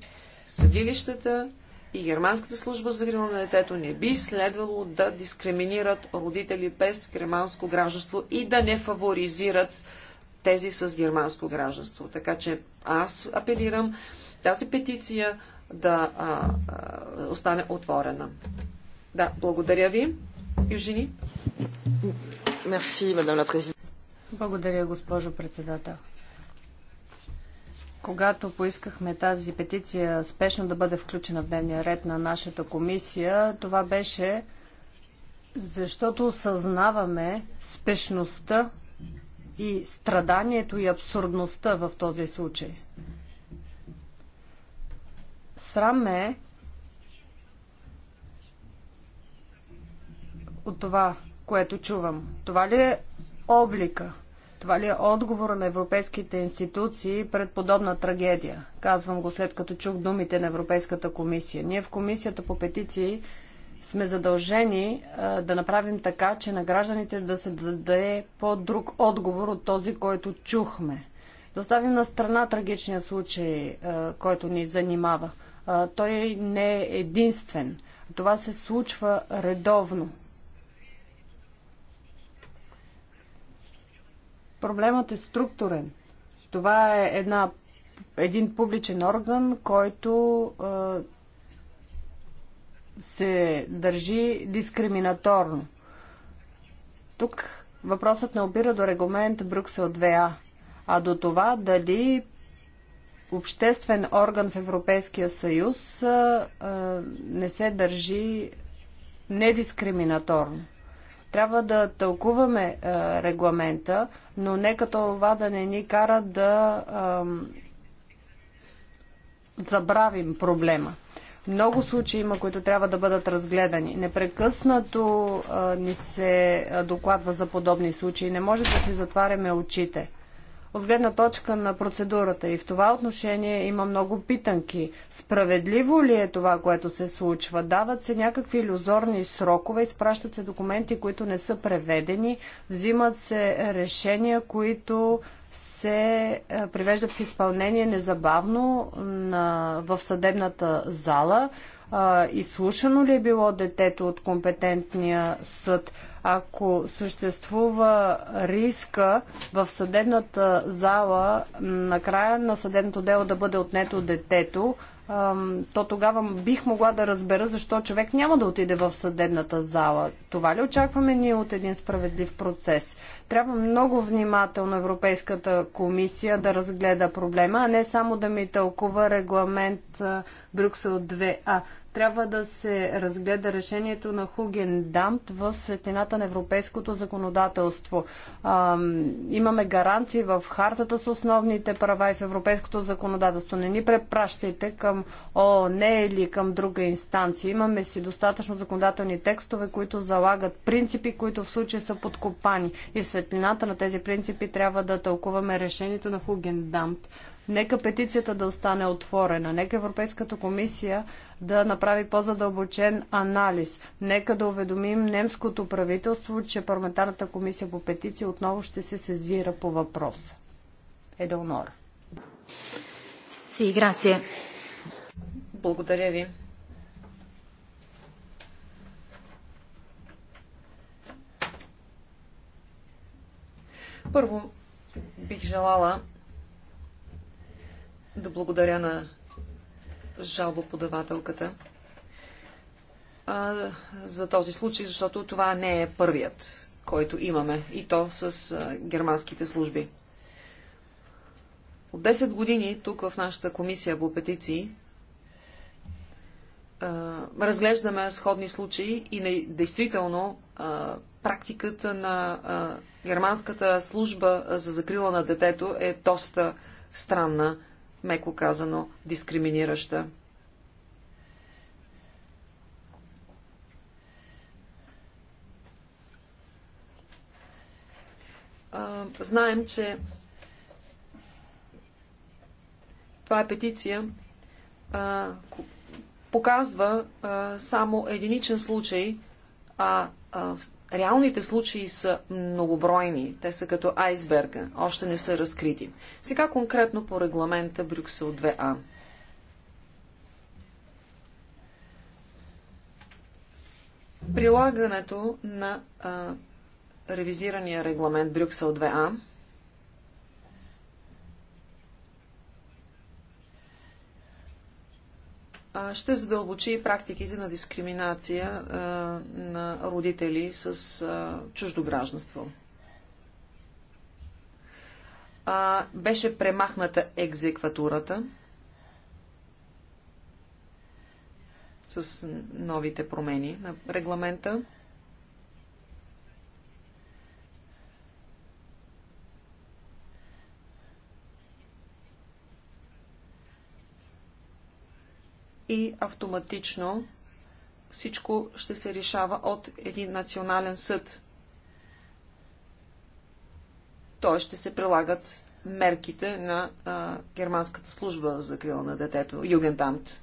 Съдилищата и Германската служба за закрила на детето не би следвало да дискриминират родители без германско гражданство и да не фаворизират тези с германско гражданство. Така че аз апелирам тази петиция да а, а, остане отворена. Да, благодаря ви. Южини. Мерси, мадам Благодаря, госпожо председател. Когато поискахме тази петиция спешно да бъде включена в дневния ред на нашата комисия, това беше защото осъзнаваме спешността и страданието и абсурдността в този случай. Срам е от това, което чувам. Това ли е облика? Това ли е отговора на европейските институции пред подобна трагедия? Казвам го след като чух думите на Европейската комисия. Ние в комисията по петиции сме задължени а, да направим така, че на гражданите да се даде по-друг отговор от този, който чухме. Да оставим на страна трагичния случай, е, който ни занимава. Е, той не е единствен. Това се случва редовно. Проблемът е структурен. Това е една, един публичен орган, който е, се държи дискриминаторно. Тук въпросът не обира до регламент Брюксел 2А а до това дали обществен орган в Европейския съюз не се държи недискриминаторно. Трябва да тълкуваме регламента, но не като това да не ни кара да забравим проблема. Много случаи има, които трябва да бъдат разгледани. Непрекъснато а, ни се докладва за подобни случаи. Не може да си затваряме очите от гледна точка на процедурата. И в това отношение има много питанки. Справедливо ли е това, което се случва? Дават се някакви иллюзорни срокове, изпращат се документи, които не са преведени, взимат се решения, които се е, привеждат в изпълнение незабавно на, в съдебната зала изслушано ли е било детето от компетентния съд? Ако съществува риска в съдебната зала накрая на съдебното дело да бъде отнето детето, то тогава бих могла да разбера защо човек няма да отиде в съдебната зала. Това ли очакваме ние от един справедлив процес? Трябва много внимателно Европейската комисия да разгледа проблема, а не само да ми тълкува регламент Брюксел 2А трябва да се разгледа решението на Хуген Дамт в светлината на европейското законодателство. А, имаме гаранции в хартата с основните права и в европейското законодателство. Не ни препращайте към ООН или е към друга инстанция. Имаме си достатъчно законодателни текстове, които залагат принципи, които в случай са подкопани. И в светлината на тези принципи трябва да тълкуваме решението на Хуген Дамт. Нека петицията да остане отворена. Нека Европейската комисия да направи по-задълбочен анализ. Нека да уведомим немското правителство, че парламентарната комисия по петиция отново ще се сезира по въпроса. Е Едеонора. Си, грация. Благодаря ви. Първо бих желала да благодаря на жалбоподавателката а, за този случай, защото това не е първият, който имаме, и то с а, германските служби. От 10 години тук в нашата комисия по петиции а, разглеждаме сходни случаи и не, действително а, практиката на а, германската служба за закрила на детето е доста странна меко казано, дискриминираща. знаем, че това е петиция, а, показва а, само единичен случай, а, а реалните случаи са многобройни. Те са като айсберга, още не са разкрити. Сега конкретно по регламента Брюксел 2А. Прилагането на а, ревизирания регламент Брюксел 2А ще задълбочи практиките на дискриминация на родители с чуждо гражданство. Беше премахната екзекватурата с новите промени на регламента. и автоматично всичко ще се решава от един национален съд. Той ще се прилагат мерките на а, германската служба за закрила на детето, Югентамт.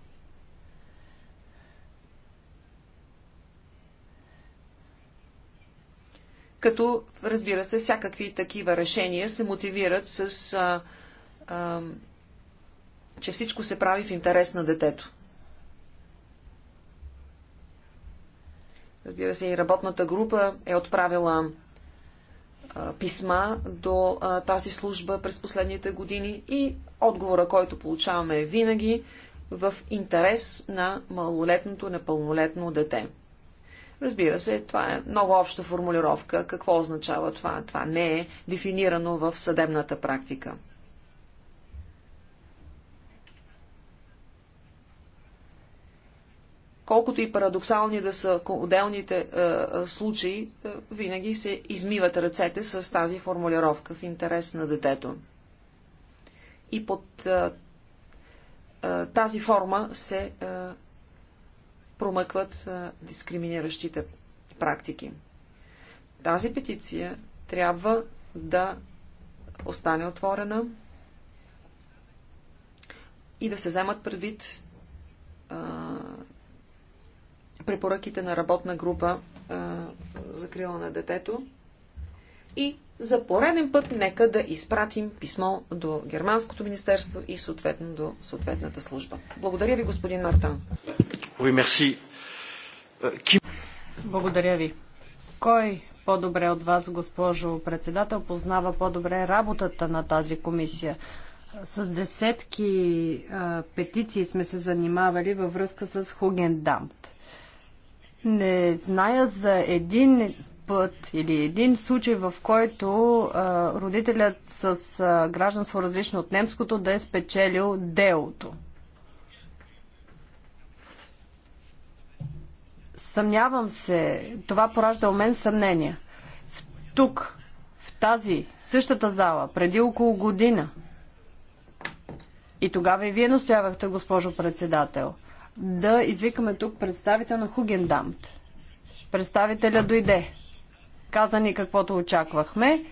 Като, разбира се, всякакви такива решения се мотивират с, а, а, че всичко се прави в интерес на детето. Разбира се, и работната група е отправила писма до тази служба през последните години и отговора, който получаваме е винаги в интерес на малолетното, непълнолетно дете. Разбира се, това е много обща формулировка. Какво означава това? Това не е дефинирано в съдебната практика. колкото и парадоксални да са отделните е, е, случаи, е, винаги се измиват ръцете с тази формулировка в интерес на детето. И под е, е, тази форма се промъкват дискриминиращите практики. Тази петиция трябва да остане отворена и да се вземат предвид препоръките на работна група за крила на детето. И за пореден път нека да изпратим писмо до Германското министерство и съответно до съответната служба. Благодаря ви, господин Мартан. мерси. Благодаря ви. Кой по-добре от вас, госпожо председател, познава по-добре работата на тази комисия? С десетки а, петиции сме се занимавали във връзка с Хугендамт. Не зная за един път или един случай, в който а, родителят с а, гражданство различно от немското да е спечелил делото. Съмнявам се, това поражда у мен съмнение. В, тук, в тази същата зала, преди около година, и тогава и вие настоявахте, госпожо председател – да извикаме тук представител на Хугендамт. Представителя дойде. Каза ни каквото очаквахме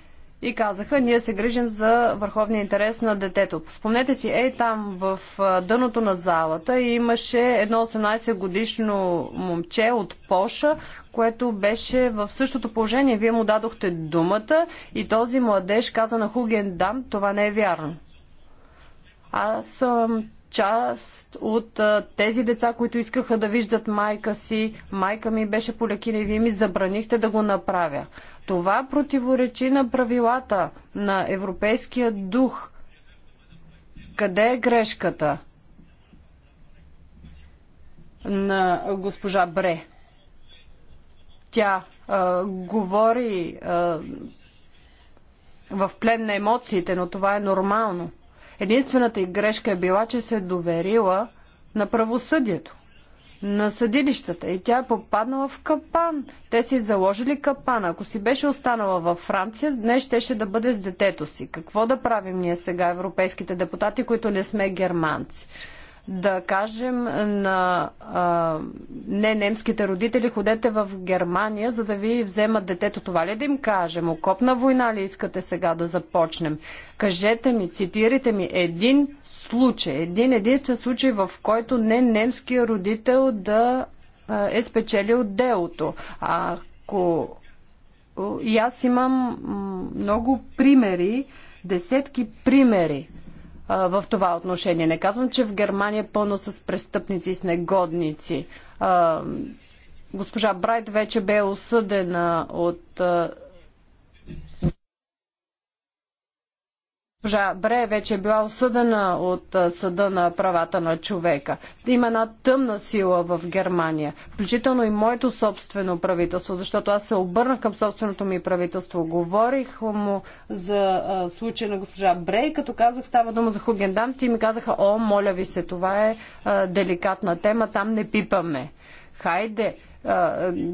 и казаха, ние се грижим за върховния интерес на детето. Спомнете си, ей там в дъното на залата имаше едно 18 годишно момче от Поша, което беше в същото положение. Вие му дадохте думата и този младеж каза на Хуген Дам, това не е вярно. Аз съм част от а, тези деца, които искаха да виждат майка си, майка ми беше полекина и вие ми забранихте да го направя. Това противоречи на правилата на европейския дух. Къде е грешката на госпожа Бре? Тя а, говори а, в плен на емоциите, но това е нормално. Единствената й грешка е била, че се е доверила на правосъдието, на съдилищата и тя е попаднала в капан. Те си заложили капан. Ако си беше останала във Франция, днес щеше да бъде с детето си. Какво да правим ние сега, европейските депутати, които не сме германци? да кажем на а, не немските родители, ходете в Германия, за да ви вземат детето. Това ли да им кажем? Окопна война ли искате сега да започнем? Кажете ми, цитирайте ми един случай, един единствен случай, в който не немския родител да а, е спечелил делото. Ако и аз имам много примери, десетки примери в това отношение. Не казвам, че в Германия е пълно с престъпници и с негодници. Госпожа Брайт вече бе осъдена от Госпожа Бре вече е била осъдена от съда на правата на човека. Има една тъмна сила в Германия, включително и моето собствено правителство, защото аз се обърнах към собственото ми правителство. Говорих му за случая на госпожа Бре и като казах става дума за Хугендам, ти ми казаха, о, моля ви се, това е деликатна тема, там не пипаме. Хайде,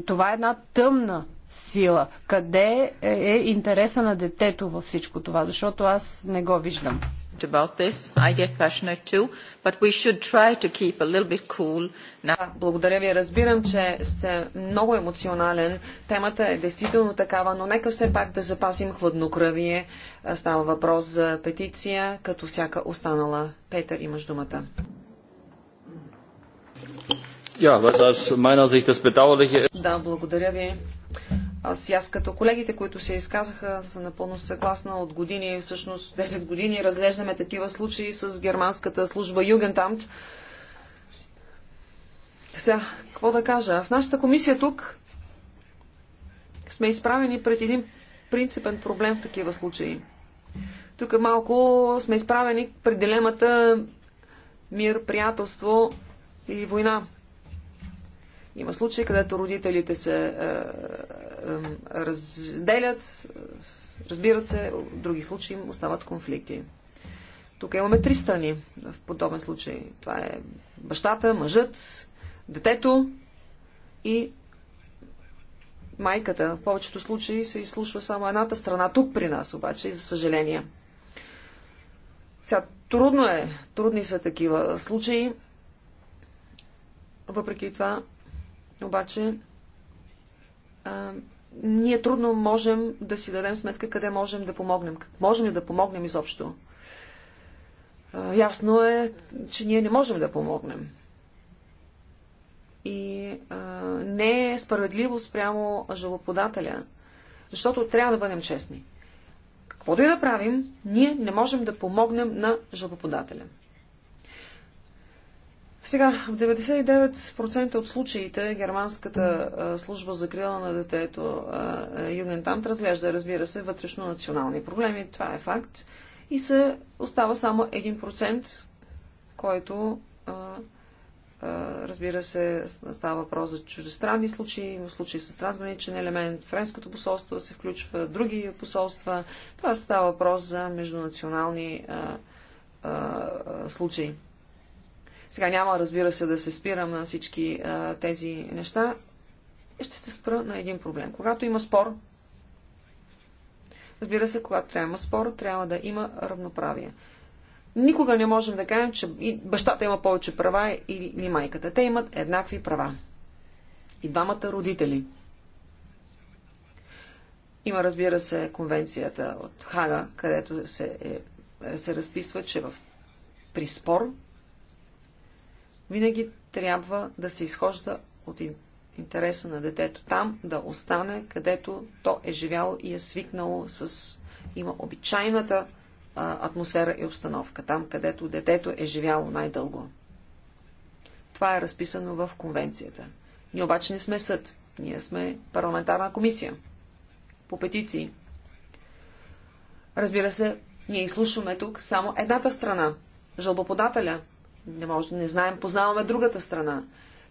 това е една тъмна сила? Къде е, е интереса на детето във всичко това? Защото аз не го виждам. Too, cool Благодаря ви. Разбирам, че сте много емоционален. Темата е действително такава, но нека все пак да запасим хладнокръвие. Става въпрос за петиция, като всяка останала. Петър, имаш думата. Yeah, да, благодаря ви. Аз, аз като колегите, които се изказаха, съм напълно съгласна. От години, всъщност 10 години, разглеждаме такива случаи с германската служба Югентамт. Сега, какво да кажа? В нашата комисия тук сме изправени пред един принципен проблем в такива случаи. Тук малко сме изправени пред дилемата мир, приятелство или война. Има случаи, където родителите се е, разделят, разбират се, в други случаи остават конфликти. Тук имаме три страни в подобен случай. Това е бащата, мъжът, детето и майката. В повечето случаи се изслушва само едната страна. Тук при нас обаче, и за съжаление. Сега, трудно е, трудни са такива случаи. Въпреки това, обаче, ние трудно можем да си дадем сметка къде можем да помогнем. Можем ли да помогнем изобщо? Ясно е, че ние не можем да помогнем. И а, не е справедливо спрямо жалоподателя, защото трябва да бъдем честни. Каквото и да правим, ние не можем да помогнем на жалоподателя. Сега, в 99% от случаите германската а, служба за крила на детето Югентамт разглежда, разбира се, вътрешно национални проблеми. Това е факт. И се остава само 1%, който, а, разбира се, става въпрос за чуждестранни случаи, в случаи с трансграничен елемент, френското посолство се включва, други посолства. Това става въпрос за междунационални случаи. Сега няма, разбира се, да се спирам на всички а, тези неща. Ще се спра на един проблем. Когато има спор, разбира се, когато трябва има спор, трябва да има равноправие. Никога не можем да кажем, че бащата има повече права или, или майката. Те имат еднакви права. И двамата родители. Има, разбира се, конвенцията от Хага, където се, е, се разписва, че в, при спор винаги трябва да се изхожда от интереса на детето там, да остане, където то е живяло и е свикнало с... има обичайната а, атмосфера и обстановка, там, където детето е живяло най-дълго. Това е разписано в конвенцията. Ние обаче не сме съд. Ние сме парламентарна комисия. По петиции. Разбира се, ние изслушваме тук само едната страна. Жълбоподателя не може, не знаем, познаваме другата страна.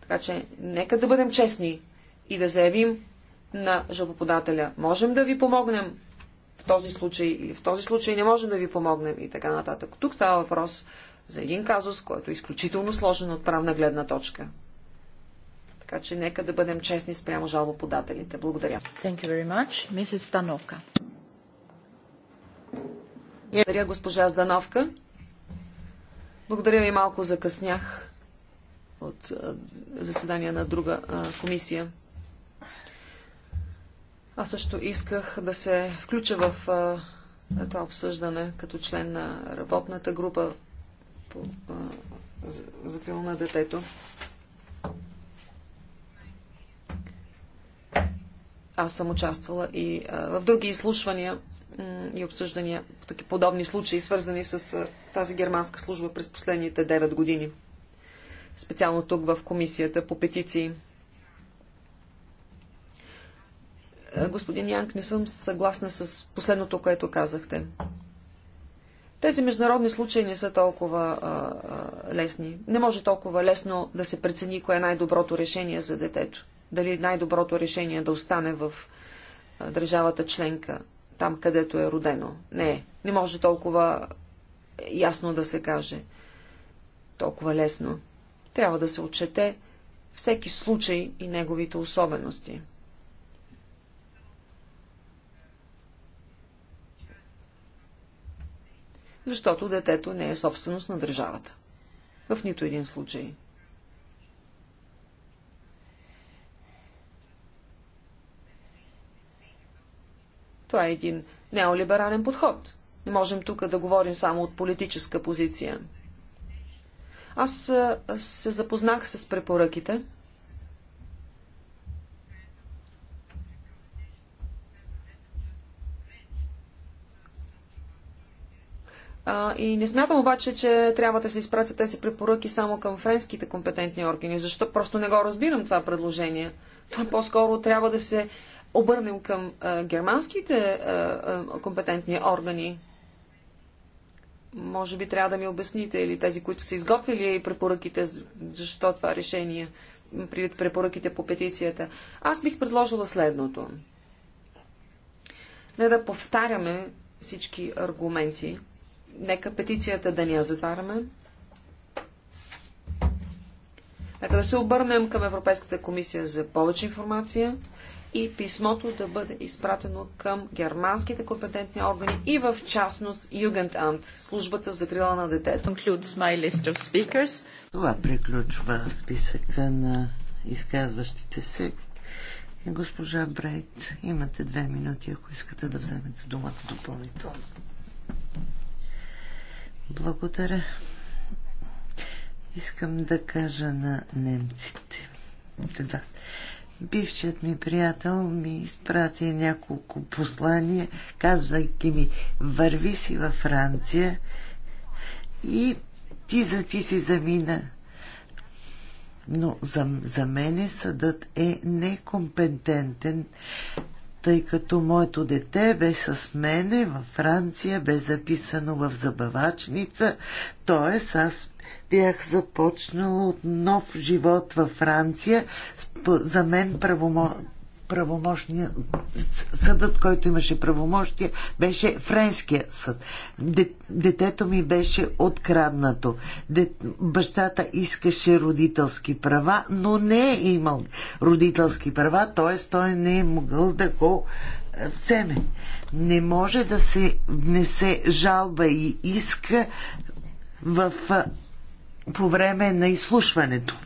Така че, нека да бъдем честни и да заявим на жалбоподателя, можем да ви помогнем в този случай или в този случай не можем да ви помогнем и така нататък. Тук става въпрос за един казус, който е изключително сложен от правна гледна точка. Така че нека да бъдем честни спрямо жалбоподателите. Благодаря. Thank you very much. Mrs. Становка. Благодаря, госпожа Здановка. Благодаря ви, малко закъснях от заседания на друга комисия. Аз също исках да се включа в това обсъждане като член на работната група по закрила на детето. Аз съм участвала и в други изслушвания и обсъждания по таки подобни случаи, свързани с тази германска служба през последните 9 години. Специално тук в комисията по петиции. Господин Янк, не съм съгласна с последното, което казахте. Тези международни случаи не са толкова а, а, лесни. Не може толкова лесно да се прецени кое е най-доброто решение за детето. Дали най-доброто решение да остане в а, държавата членка там, където е родено. Не, не може толкова ясно да се каже. Толкова лесно. Трябва да се отчете всеки случай и неговите особености. Защото детето не е собственост на държавата. В нито един случай. Това е един неолиберален подход. Не можем тук да говорим само от политическа позиция. Аз се запознах с препоръките. А, и не смятам обаче, че трябва да се изпратят тези препоръки само към френските компетентни органи. Защо? Просто не го разбирам това предложение. Това по-скоро трябва да се обърнем към а, германските а, а, компетентни органи. Може би трябва да ми обясните или тези, които са изготвили препоръките, защо това решение, препоръките по петицията. Аз бих предложила следното. Не да повтаряме всички аргументи. Нека петицията да ни я затваряме. Нека да се обърнем към Европейската комисия за повече информация и писмото да бъде изпратено към германските компетентни органи и в частност Югентант, службата за крила на детето. Това приключва списъка на изказващите се. Госпожа Брайт, имате две минути, ако искате да вземете думата допълнително. Благодаря. Искам да кажа на немците. Добре. Бившият ми приятел ми изпрати няколко послания, казвайки ми, върви си във Франция и ти за ти си замина. Но за, за мене съдът е некомпетентен, тъй като моето дете бе с мене във Франция, бе записано в забавачница, т.е. аз бях започнала от нов живот във Франция. За мен правомо... правомощния съдът, който имаше правомощия, беше френския съд. Детето ми беше откраднато. Дет... Бащата искаше родителски права, но не е имал родителски права, т.е. той не е могъл да го е, вземе. Не може да се внесе жалба и иска в по време на изслушването.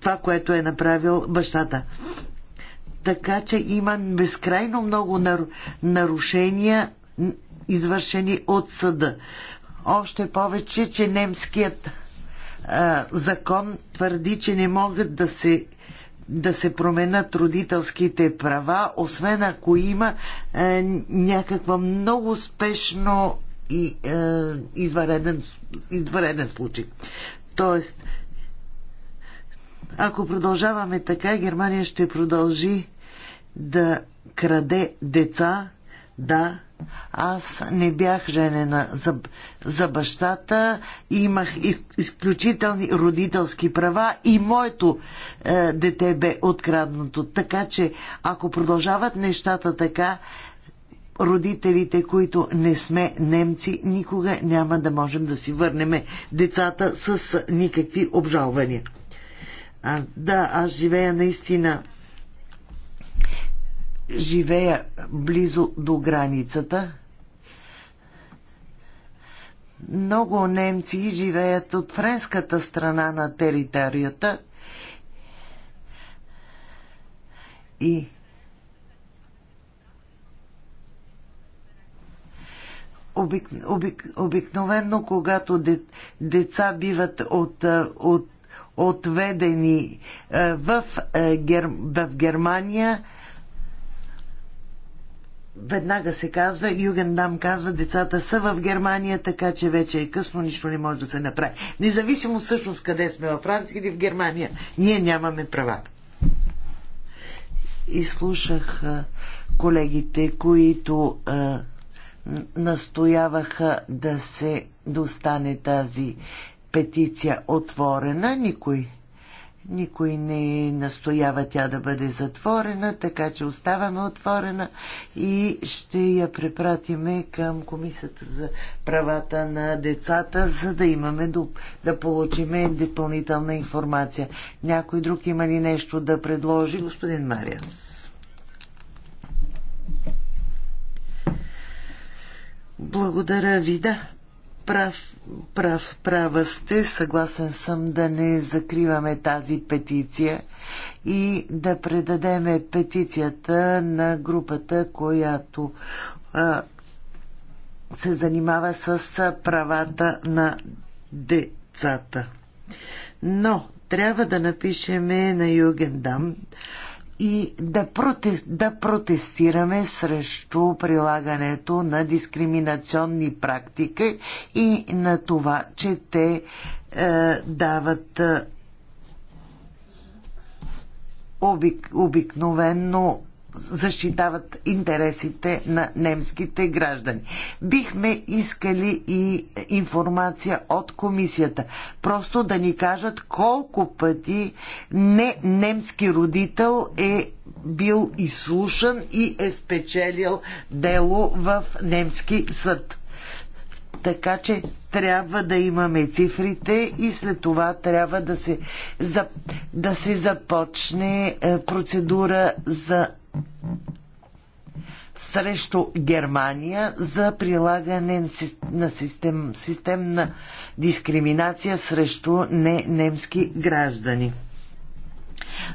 Това, което е направил бащата. Така че има безкрайно много нарушения, извършени от съда. Още повече, че немският а, закон твърди, че не могат да се да се променят родителските права, освен ако има а, е, някаква много спешно и е, извареден, извареден случай. Тоест, ако продължаваме така, Германия ще продължи да краде деца. Да, аз не бях женена за, за бащата, имах из, изключителни родителски права и моето е, дете бе откраднато. Така че, ако продължават нещата така, родителите, които не сме немци, никога няма да можем да си върнем децата с никакви обжалвания. А, да, аз живея наистина живея близо до границата. Много немци живеят от френската страна на територията и обик, обик, обикновено, когато деца биват от, от, отведени в, в Германия, веднага се казва, Югендам казва, децата са в Германия, така че вече е късно, нищо не може да се направи. Независимо всъщност къде сме, във Франция или в Германия, ние нямаме права. И слушах колегите, които а, настояваха да се достане тази петиция отворена. Никой, никой не настоява тя да бъде затворена, така че оставаме отворена и ще я препратиме към Комисията за правата на децата, за да имаме да, да получиме допълнителна информация. Някой друг има ли нещо да предложи? Господин Марианс. Благодаря ви, да. Прав, прав, права сте. Съгласен съм да не закриваме тази петиция и да предадеме петицията на групата, която а, се занимава с правата на децата. Но трябва да напишеме на Югендам и да, проте, да протестираме срещу прилагането на дискриминационни практики и на това, че те е, дават е, обик, обикновенно защитават интересите на немските граждани. Бихме искали и информация от комисията. Просто да ни кажат колко пъти не немски родител е бил изслушан и е спечелил дело в немски съд. Така че трябва да имаме цифрите и след това трябва да се, да се започне е, процедура за срещу Германия за прилагане на систем, системна дискриминация срещу не немски граждани.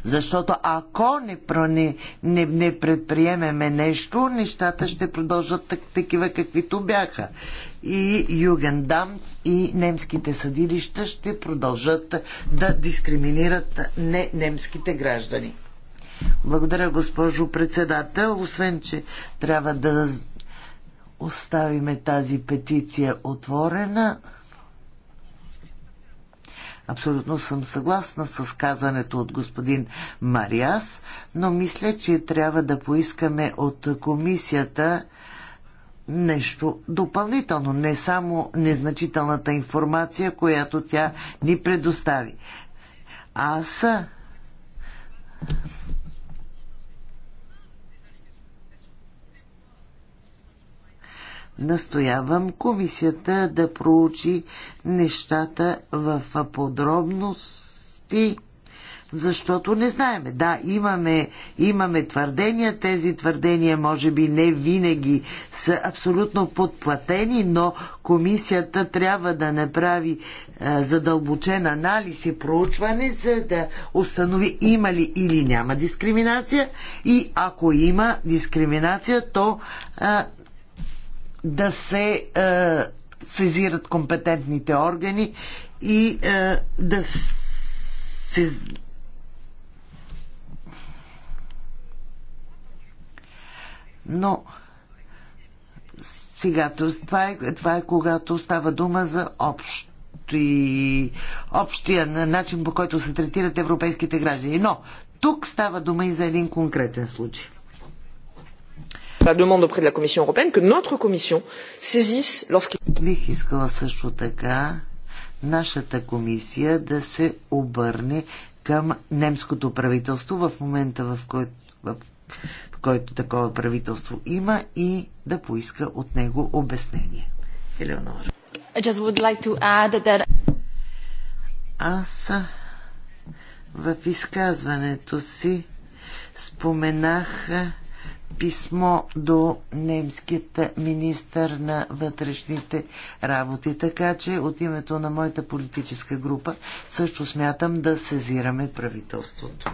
Защото ако не, не, не, не предприемеме нещо, нещата ще продължат так, такива каквито бяха. И Югендам и немските съдилища ще продължат да дискриминират не немските граждани. Благодаря, госпожо председател. Освен, че трябва да оставиме тази петиция отворена, Абсолютно съм съгласна с казането от господин Мариас, но мисля, че трябва да поискаме от комисията нещо допълнително, не само незначителната информация, която тя ни предостави. Аз настоявам комисията да проучи нещата в подробности, защото не знаеме. Да, имаме, имаме твърдения, тези твърдения може би не винаги са абсолютно подплатени, но комисията трябва да направи е, задълбочен анализ и проучване, за да установи има ли или няма дискриминация и ако има дискриминация, то е, да се е, сезират компетентните органи и е, да се. Но сега, това е, това е когато става дума за общи, общия начин по който се третират европейските граждани. Но тук става дума и за един конкретен случай la demande auprès de la Commission européenne, que notre Commission saisisse lorsqu'il... Бих искала също така нашата комисия да се обърне към немското правителство в момента, в който, в, който такова правителство има и да поиска от него обяснение. Елеонора. Like that... Аз в изказването си споменах писмо до немският министър на вътрешните работи. Така че от името на моята политическа група също смятам да сезираме правителството.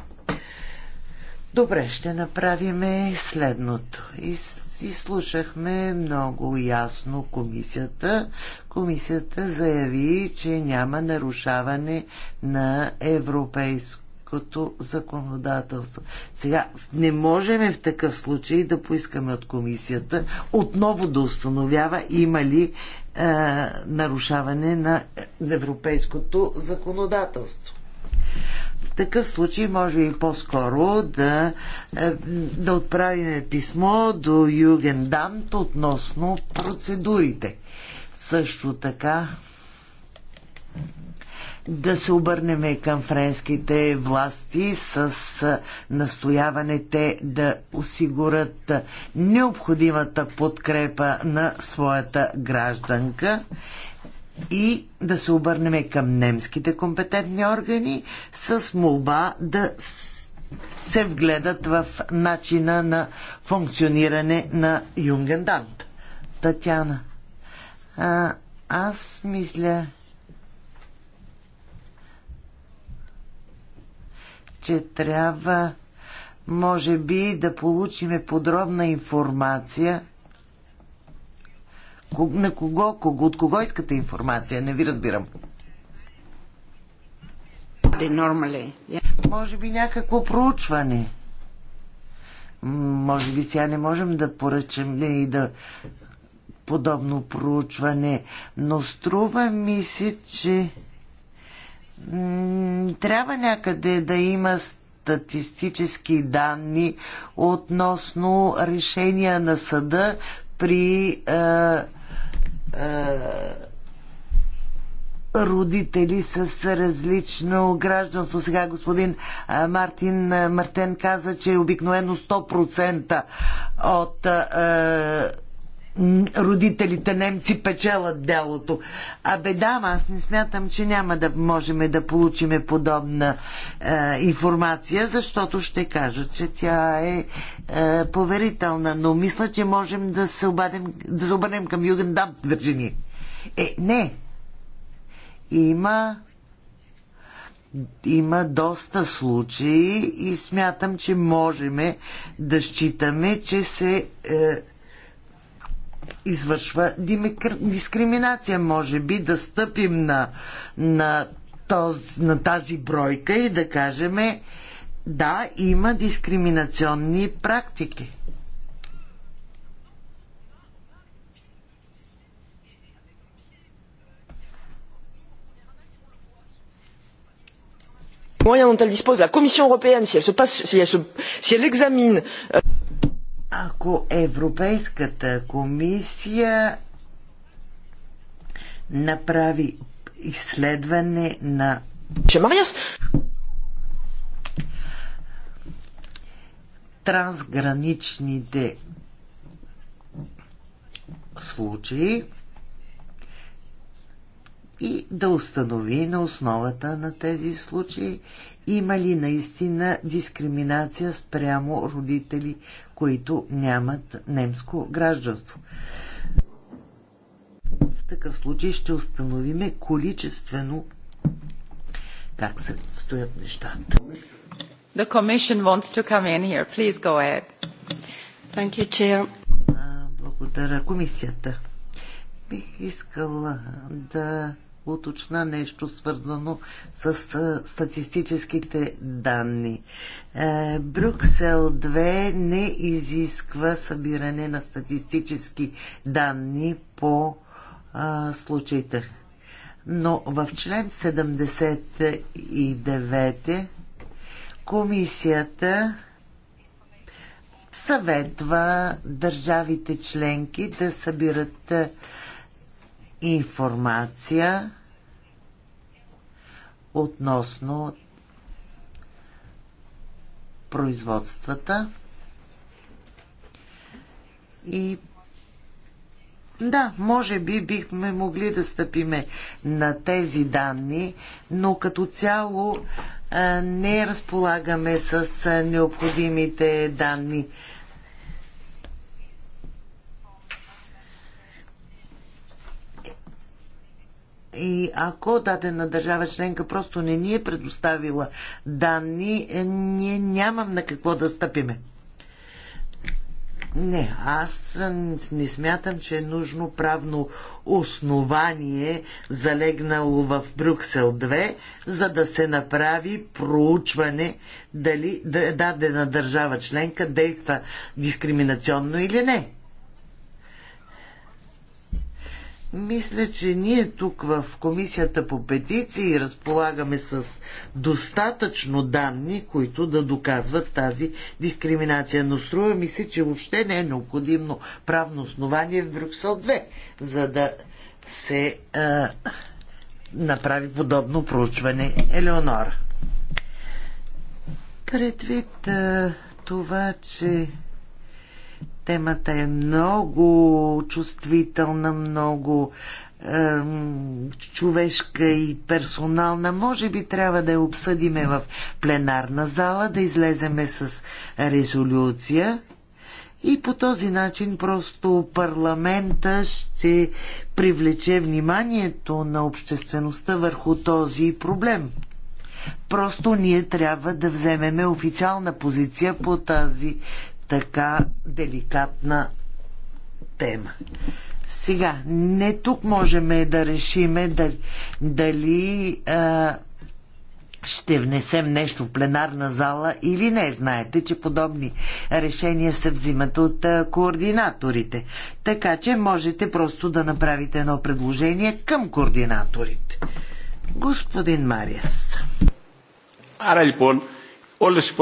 Добре, ще направим следното. Изслушахме много ясно комисията. Комисията заяви, че няма нарушаване на европейско българското законодателство. Сега не можем в такъв случай да поискаме от комисията отново да установява има ли е, нарушаване на европейското законодателство. В такъв случай може би по-скоро да, е, да отправим писмо до Югендамт относно процедурите. Също така да се обърнем към френските власти с настояване те да осигурят необходимата подкрепа на своята гражданка и да се обърнем към немските компетентни органи с молба да се вгледат в начина на функциониране на Юнгендант. Татяна, а, аз мисля, че трябва, може би, да получиме подробна информация. На кого, кого, от кого искате информация? Не ви разбирам. Може би някакво проучване. Може би сега не можем да поръчам и да подобно проучване, но струва ми се, че трябва някъде да има статистически данни относно решения на съда при е, е, родители с различно гражданство. Сега господин е, Мартин Мартен каза, че обикновено 100% от родителите немци печелят делото. Абе да, аз не смятам, че няма да можем да получиме подобна е, информация, защото ще кажа, че тя е, е поверителна, но мисля, че можем да се, обадим, да се обърнем към Югендам, Вирджини. Е, не. Има има доста случаи и смятам, че можем да считаме, че се е, извършва дискриминация. Може би да стъпим на, на, този, на тази бройка и да кажем да, има дискриминационни практики. Moyen dont elle dispose la commission européenne si elle, se passe, si elle, se, si elle examine euh, ако Европейската комисия направи изследване на трансграничните случаи и да установи на основата на тези случаи има ли наистина дискриминация спрямо родители, които нямат немско гражданство. В такъв случай ще установиме количествено как се стоят нещата. The commission wants to come in here. Please go ahead. Thank you, chair. Благодаря комисията. Бих искала да уточна нещо свързано с статистическите данни. Е, Брюксел 2 не изисква събиране на статистически данни по случаите. Но в член 79 комисията съветва държавите членки да събират информация относно производствата и да, може би бихме могли да стъпиме на тези данни, но като цяло не разполагаме с необходимите данни И ако дадена държава членка просто не ни е предоставила данни, е, ние нямам на какво да стъпиме. Не, аз не смятам, че е нужно правно основание, залегнало в Брюксел 2, за да се направи проучване дали дадена държава членка действа дискриминационно или не. Мисля, че ние тук в Комисията по петиции разполагаме с достатъчно данни, които да доказват тази дискриминация. Но струва ми се, че въобще не е необходимо правно основание в Брюксел 2, за да се а, направи подобно проучване. Елеонора. Предвид а, това, че темата е много чувствителна, много човешка и персонална. Може би трябва да я обсъдиме в пленарна зала, да излеземе с резолюция и по този начин просто парламента ще привлече вниманието на обществеността върху този проблем. Просто ние трябва да вземеме официална позиция по тази така деликатна тема. Сега, не тук можем да решиме дали, дали а, ще внесем нещо в пленарна зала или не. Знаете, че подобни решения се взимат от а, координаторите. Така че можете просто да направите едно предложение към координаторите. Господин Мариас. Ара липон, όλες οι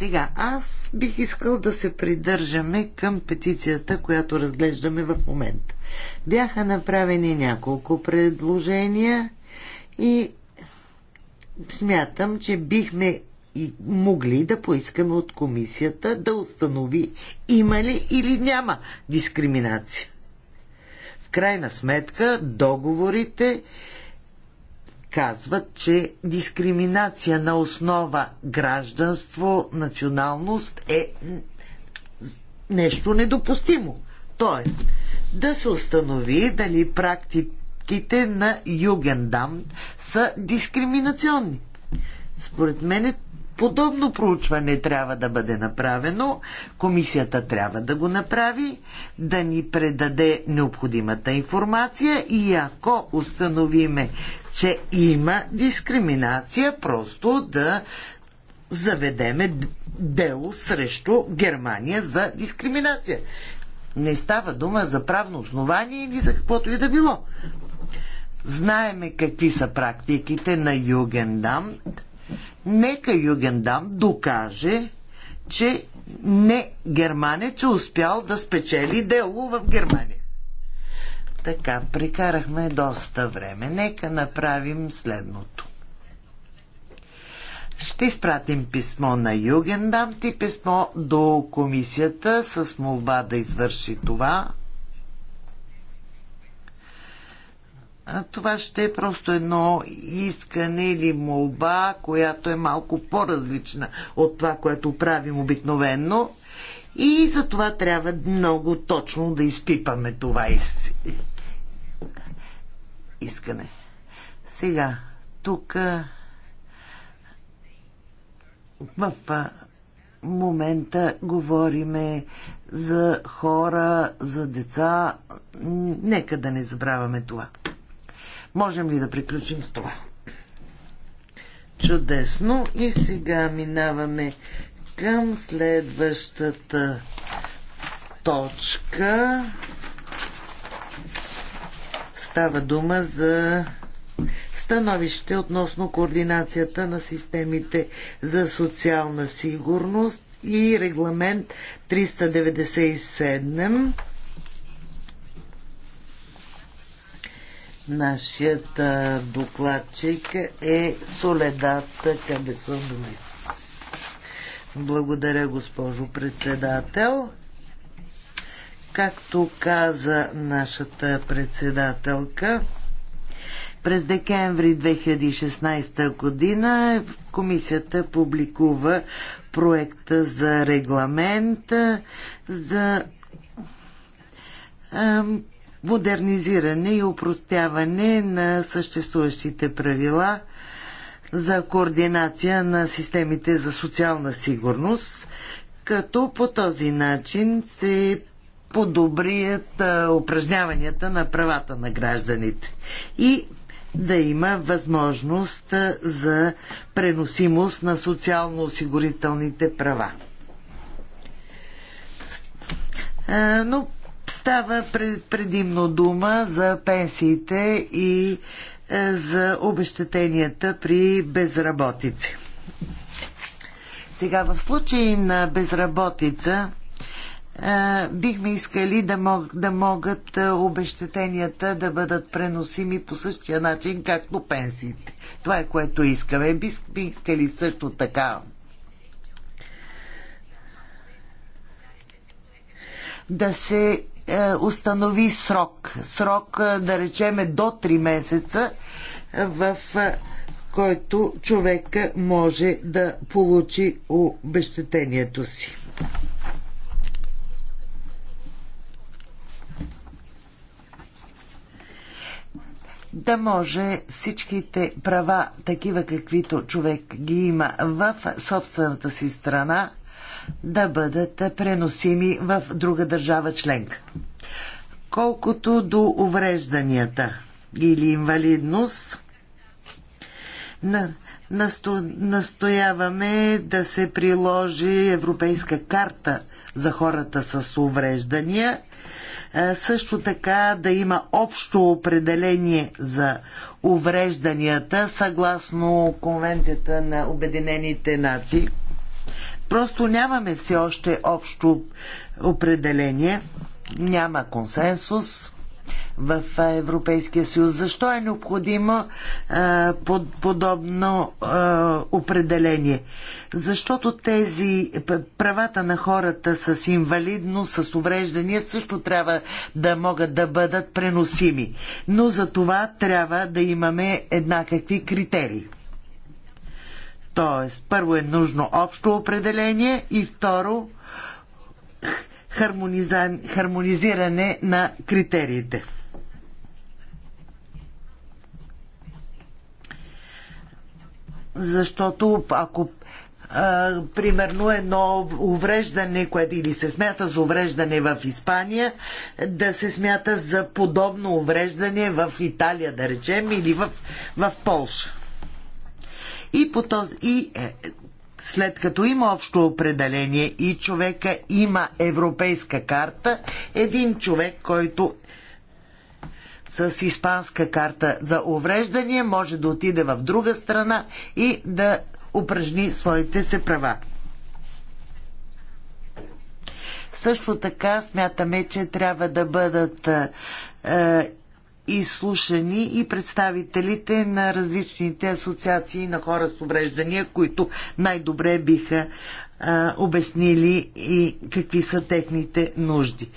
сега, аз бих искал да се придържаме към петицията, която разглеждаме в момента. Бяха направени няколко предложения и смятам, че бихме и могли да поискаме от комисията да установи има ли или няма дискриминация. В крайна сметка договорите казват, че дискриминация на основа гражданство, националност е нещо недопустимо. Тоест, да се установи дали практиките на Югендам са дискриминационни. Според мен подобно проучване трябва да бъде направено, комисията трябва да го направи, да ни предаде необходимата информация и ако установиме че има дискриминация, просто да заведеме дело срещу Германия за дискриминация. Не става дума за правно основание или за каквото и да било. Знаеме какви са практиките на Югендам. Нека Югендам докаже, че не германец е успял да спечели дело в Германия. Така, прекарахме доста време. Нека направим следното. Ще изпратим писмо на Югендамт и писмо до комисията с молба да извърши това. А това ще е просто едно искане или молба, която е малко по-различна от това, което правим обикновенно. И за това трябва много точно да изпипаме това искане. Сега, тук в момента говориме за хора, за деца. Нека да не забравяме това. Можем ли да приключим с това? Чудесно. И сега минаваме към следващата точка става дума за становище относно координацията на системите за социална сигурност и регламент 397. Нашият докладчик е Соледата Кабесонвис. Благодаря, госпожо председател. Както каза нашата председателка, през декември 2016 година комисията публикува проекта за регламент за модернизиране и упростяване на съществуващите правила за координация на системите за социална сигурност, като по този начин се подобрият упражняванията на правата на гражданите и да има възможност за преносимост на социално-осигурителните права. Но става предимно дума за пенсиите и за обещетенията при безработици. Сега в случай на безработица бихме искали да, мог, да могат обещетенията да бъдат преносими по същия начин, както пенсиите. Това е което искаме. Бихме искали също така да се установи срок. Срок, да речеме, до 3 месеца, в който човек може да получи обещетението си. да може всичките права, такива каквито човек ги има в собствената си страна, да бъдат преносими в друга държава членка. Колкото до уврежданията или инвалидност, на, насто, настояваме да се приложи Европейска карта за хората с увреждания също така да има общо определение за уврежданията съгласно Конвенцията на Обединените нации. Просто нямаме все още общо определение, няма консенсус в Европейския съюз. Защо е необходимо а, под, подобно а, определение? Защото тези правата на хората с инвалидност, с увреждания също трябва да могат да бъдат преносими. Но за това трябва да имаме еднакви критерии. Тоест, първо е нужно общо определение и второ хармонизиране на критериите. Защото ако а, примерно едно увреждане, което или се смята за увреждане в Испания, да се смята за подобно увреждане в Италия, да речем, или в, в Полша. И, по този, и е, след като има общо определение и човека има европейска карта, един човек, който с испанска карта за увреждане може да отиде в друга страна и да упражни своите се права. Също така смятаме, че трябва да бъдат е, изслушани и представителите на различните асоциации на хора с увреждания, които най-добре биха а, обяснили и какви са техните нужди.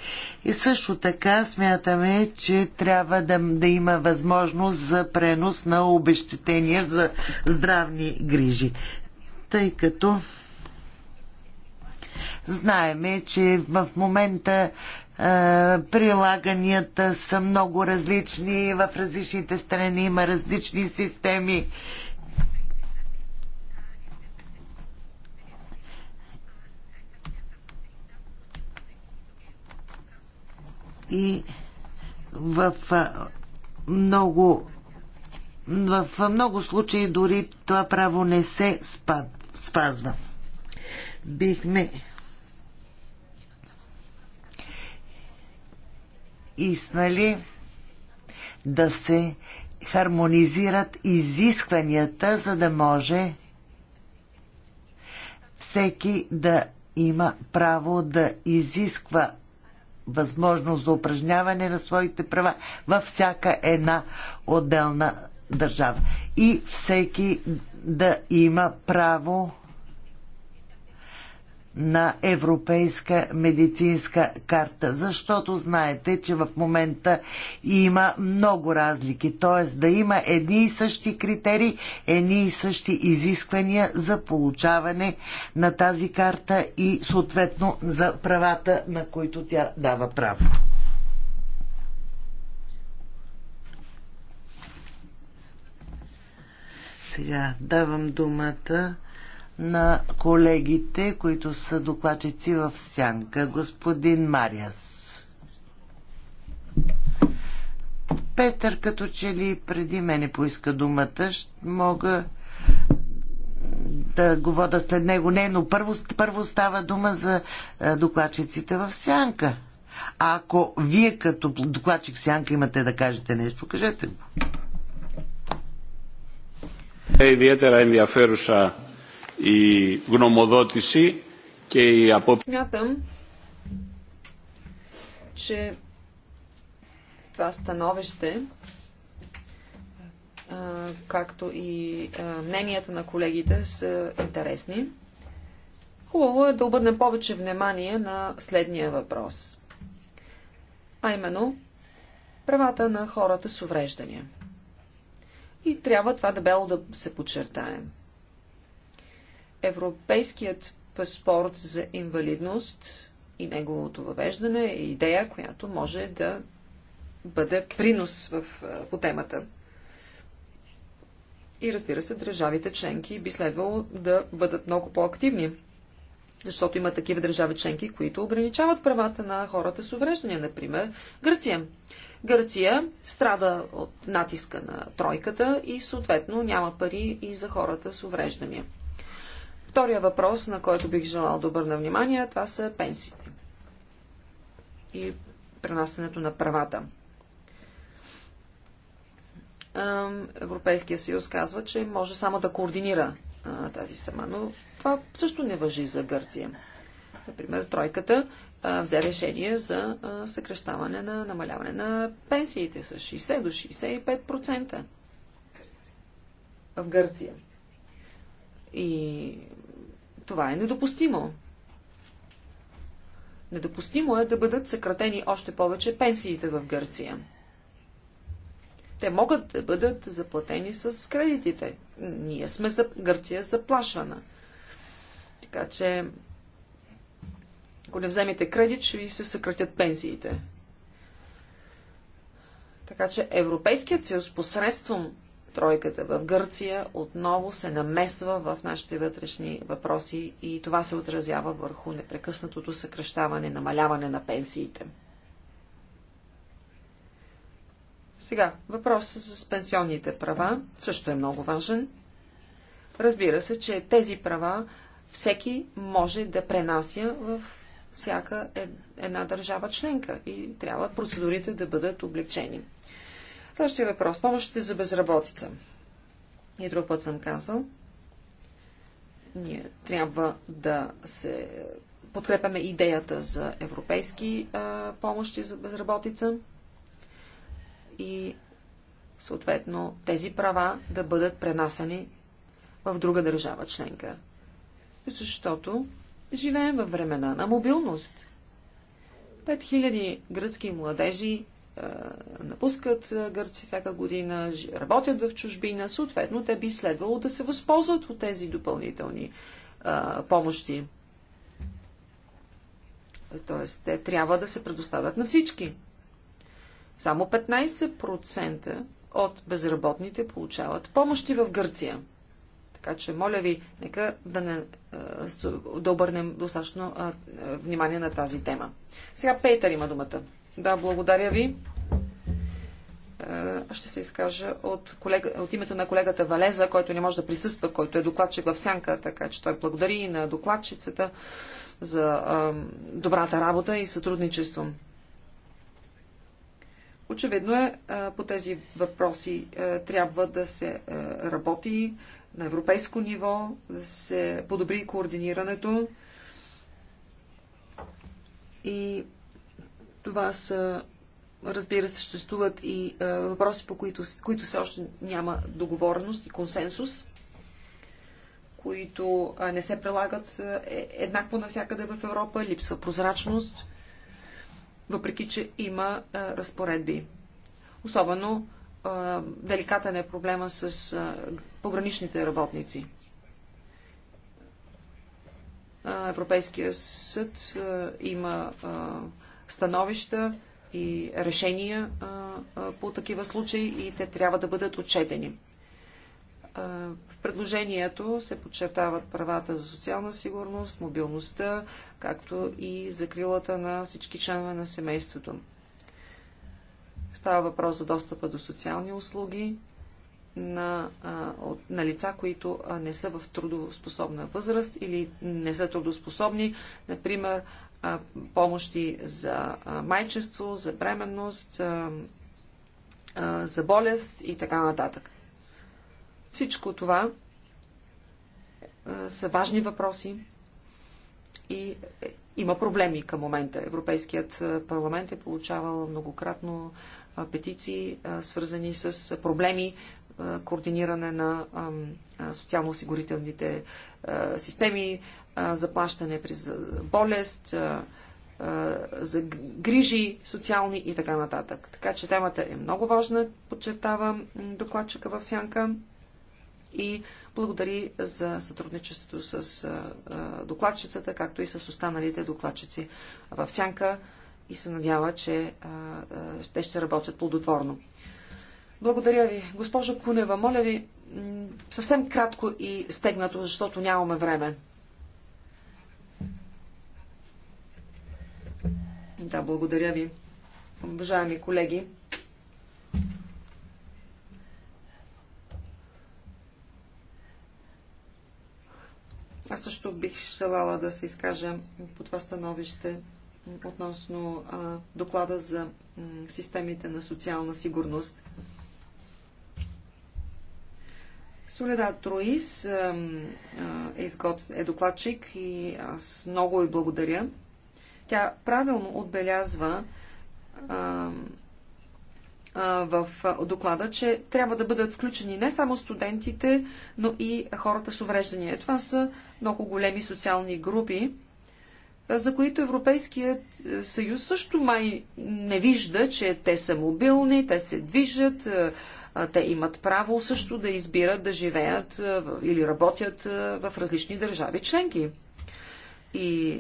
И също така смятаме, че трябва да, да има възможност за пренос на обещетения за здравни грижи. Тъй като Знаеме, че в момента е, прилаганията са много различни, в различните страни има различни системи. И в е, много в много случаи дори това право не се спазва. Бихме искали да се хармонизират изискванията, за да може всеки да има право да изисква възможност за упражняване на своите права във всяка една отделна държава. И всеки да има право на европейска медицинска карта, защото знаете, че в момента има много разлики, т.е. да има едни и същи критерии, едни и същи изисквания за получаване на тази карта и съответно за правата, на които тя дава право. Сега давам думата на колегите, които са докладчици в сянка. Господин Мариас. Петър, като че ли преди мене поиска думата, мога да говоря след него. Не, но първо, първо става дума за е, докладчиците в сянка. А ако вие като докладчик сянка имате да кажете нещо, кажете го. Е иδιαίτερα ενδιαφέρουσα η γνωμοδότηση και η απόψη. Смятам, че това становище, както и мненията на колегите са интересни. Хубаво е да обърнем повече внимание на следния въпрос. А именно, правата на хората с увреждания. И трябва това дебело да се подчертаем. Европейският паспорт за инвалидност и неговото въвеждане е идея, която може да бъде принос в, по темата. И разбира се, държавите членки би следвало да бъдат много по-активни, защото има такива държави членки, които ограничават правата на хората с увреждания, например Гърция. Гърция страда от натиска на тройката и съответно няма пари и за хората с увреждания. Втория въпрос, на който бих желал да обърна внимание, това са пенсиите и пренасенето на правата. Европейския съюз казва, че може само да координира тази сама, но това също не въжи за Гърция. Например, тройката взе решение за съкрещаване на намаляване на пенсиите с 60 до 65% в Гърция. И това е недопустимо. Недопустимо е да бъдат съкратени още повече пенсиите в Гърция. Те могат да бъдат заплатени с кредитите. Ние сме за Гърция е заплашвана. Така че, ако не вземете кредит, ще ви се съкратят пенсиите. Така че Европейският съюз посредством тройката в Гърция отново се намесва в нашите вътрешни въпроси и това се отразява върху непрекъснатото съкръщаване, намаляване на пенсиите. Сега, въпросът с пенсионните права също е много важен. Разбира се, че тези права всеки може да пренася в всяка е- една държава членка и трябва процедурите да бъдат облегчени. Следващия въпрос. Помощите за безработица. И друг път съм казал. Ние трябва да се подкрепяме идеята за европейски а, помощи за безработица и съответно тези права да бъдат пренасани в друга държава членка. Защото живеем във времена на мобилност. 5000 гръцки младежи е, напускат е, Гърци всяка година, работят в чужбина, съответно те би следвало да се възползват от тези допълнителни а, е, помощи. Тоест, те трябва да се предоставят на всички. Само 15% от безработните получават помощи в Гърция. Така че, моля ви, нека да, не, да обърнем достатъчно внимание на тази тема. Сега Пейтър има думата. Да, благодаря ви. Е, аз ще се изкажа от, колега, от името на колегата Валеза, който не може да присъства, който е докладчик в Сянка, така че той благодари и на докладчицата за а, е, добрата работа и сътрудничество. Очевидно е, а, е, по тези въпроси а, трябва да се а, работи на европейско ниво, да се подобри координирането и това са, разбира се, съществуват и а, въпроси, по които, които все още няма договореност и консенсус, които не се прилагат а, е, еднакво навсякъде в Европа, липсва прозрачност, въпреки че има а, разпоредби. Особено е, деликатен е проблема с а, пограничните работници. Европейския съд има становища и решения по такива случаи и те трябва да бъдат отчетени. В предложението се подчертават правата за социална сигурност, мобилността, както и закрилата на всички членове на семейството. Става въпрос за достъпа до социални услуги на, на лица, които не са в трудоспособна възраст или не са трудоспособни, например помощи за майчество, за бременност, за болест и така нататък. Всичко това са важни въпроси и е, има проблеми към момента. Европейският парламент е получавал многократно петиции, свързани с проблеми, координиране на социално-осигурителните системи, заплащане при болест, за грижи социални и така нататък. Така че темата е много важна, подчертавам докладчика в сянка и благодари за сътрудничеството с докладчицата, както и с останалите докладчици в сянка и се надява, че те ще работят плодотворно. Благодаря ви. Госпожо Кунева, моля ви съвсем кратко и стегнато, защото нямаме време. Да, благодаря ви. Уважаеми колеги, аз също бих желала да се изкажа по това становище относно а, доклада за системите на социална сигурност. Соледа Труис е, изготв... е докладчик и аз много ви благодаря тя правилно отбелязва а, а, в доклада, че трябва да бъдат включени не само студентите, но и хората с увреждания. Това са много големи социални групи, за които Европейският съюз също май не вижда, че те са мобилни, те се движат, те имат право също да избират да живеят или работят в различни държави членки. И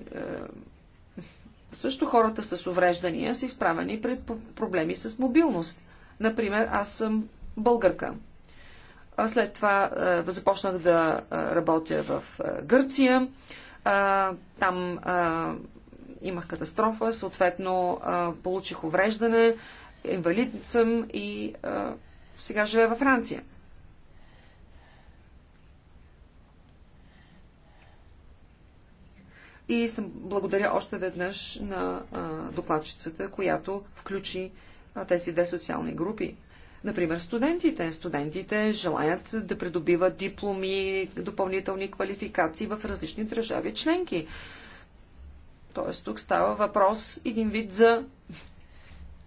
също хората с увреждания са изправени пред проблеми с мобилност. Например, аз съм българка. След това а, започнах да работя в Гърция. А, там а, имах катастрофа, съответно а, получих увреждане, инвалид съм и а, сега живея във Франция. И съм благодаря още веднъж на докладчицата, която включи тези две социални групи. Например, студентите. Студентите желаят да придобиват дипломи, допълнителни квалификации в различни държави членки. Тоест, тук става въпрос един вид за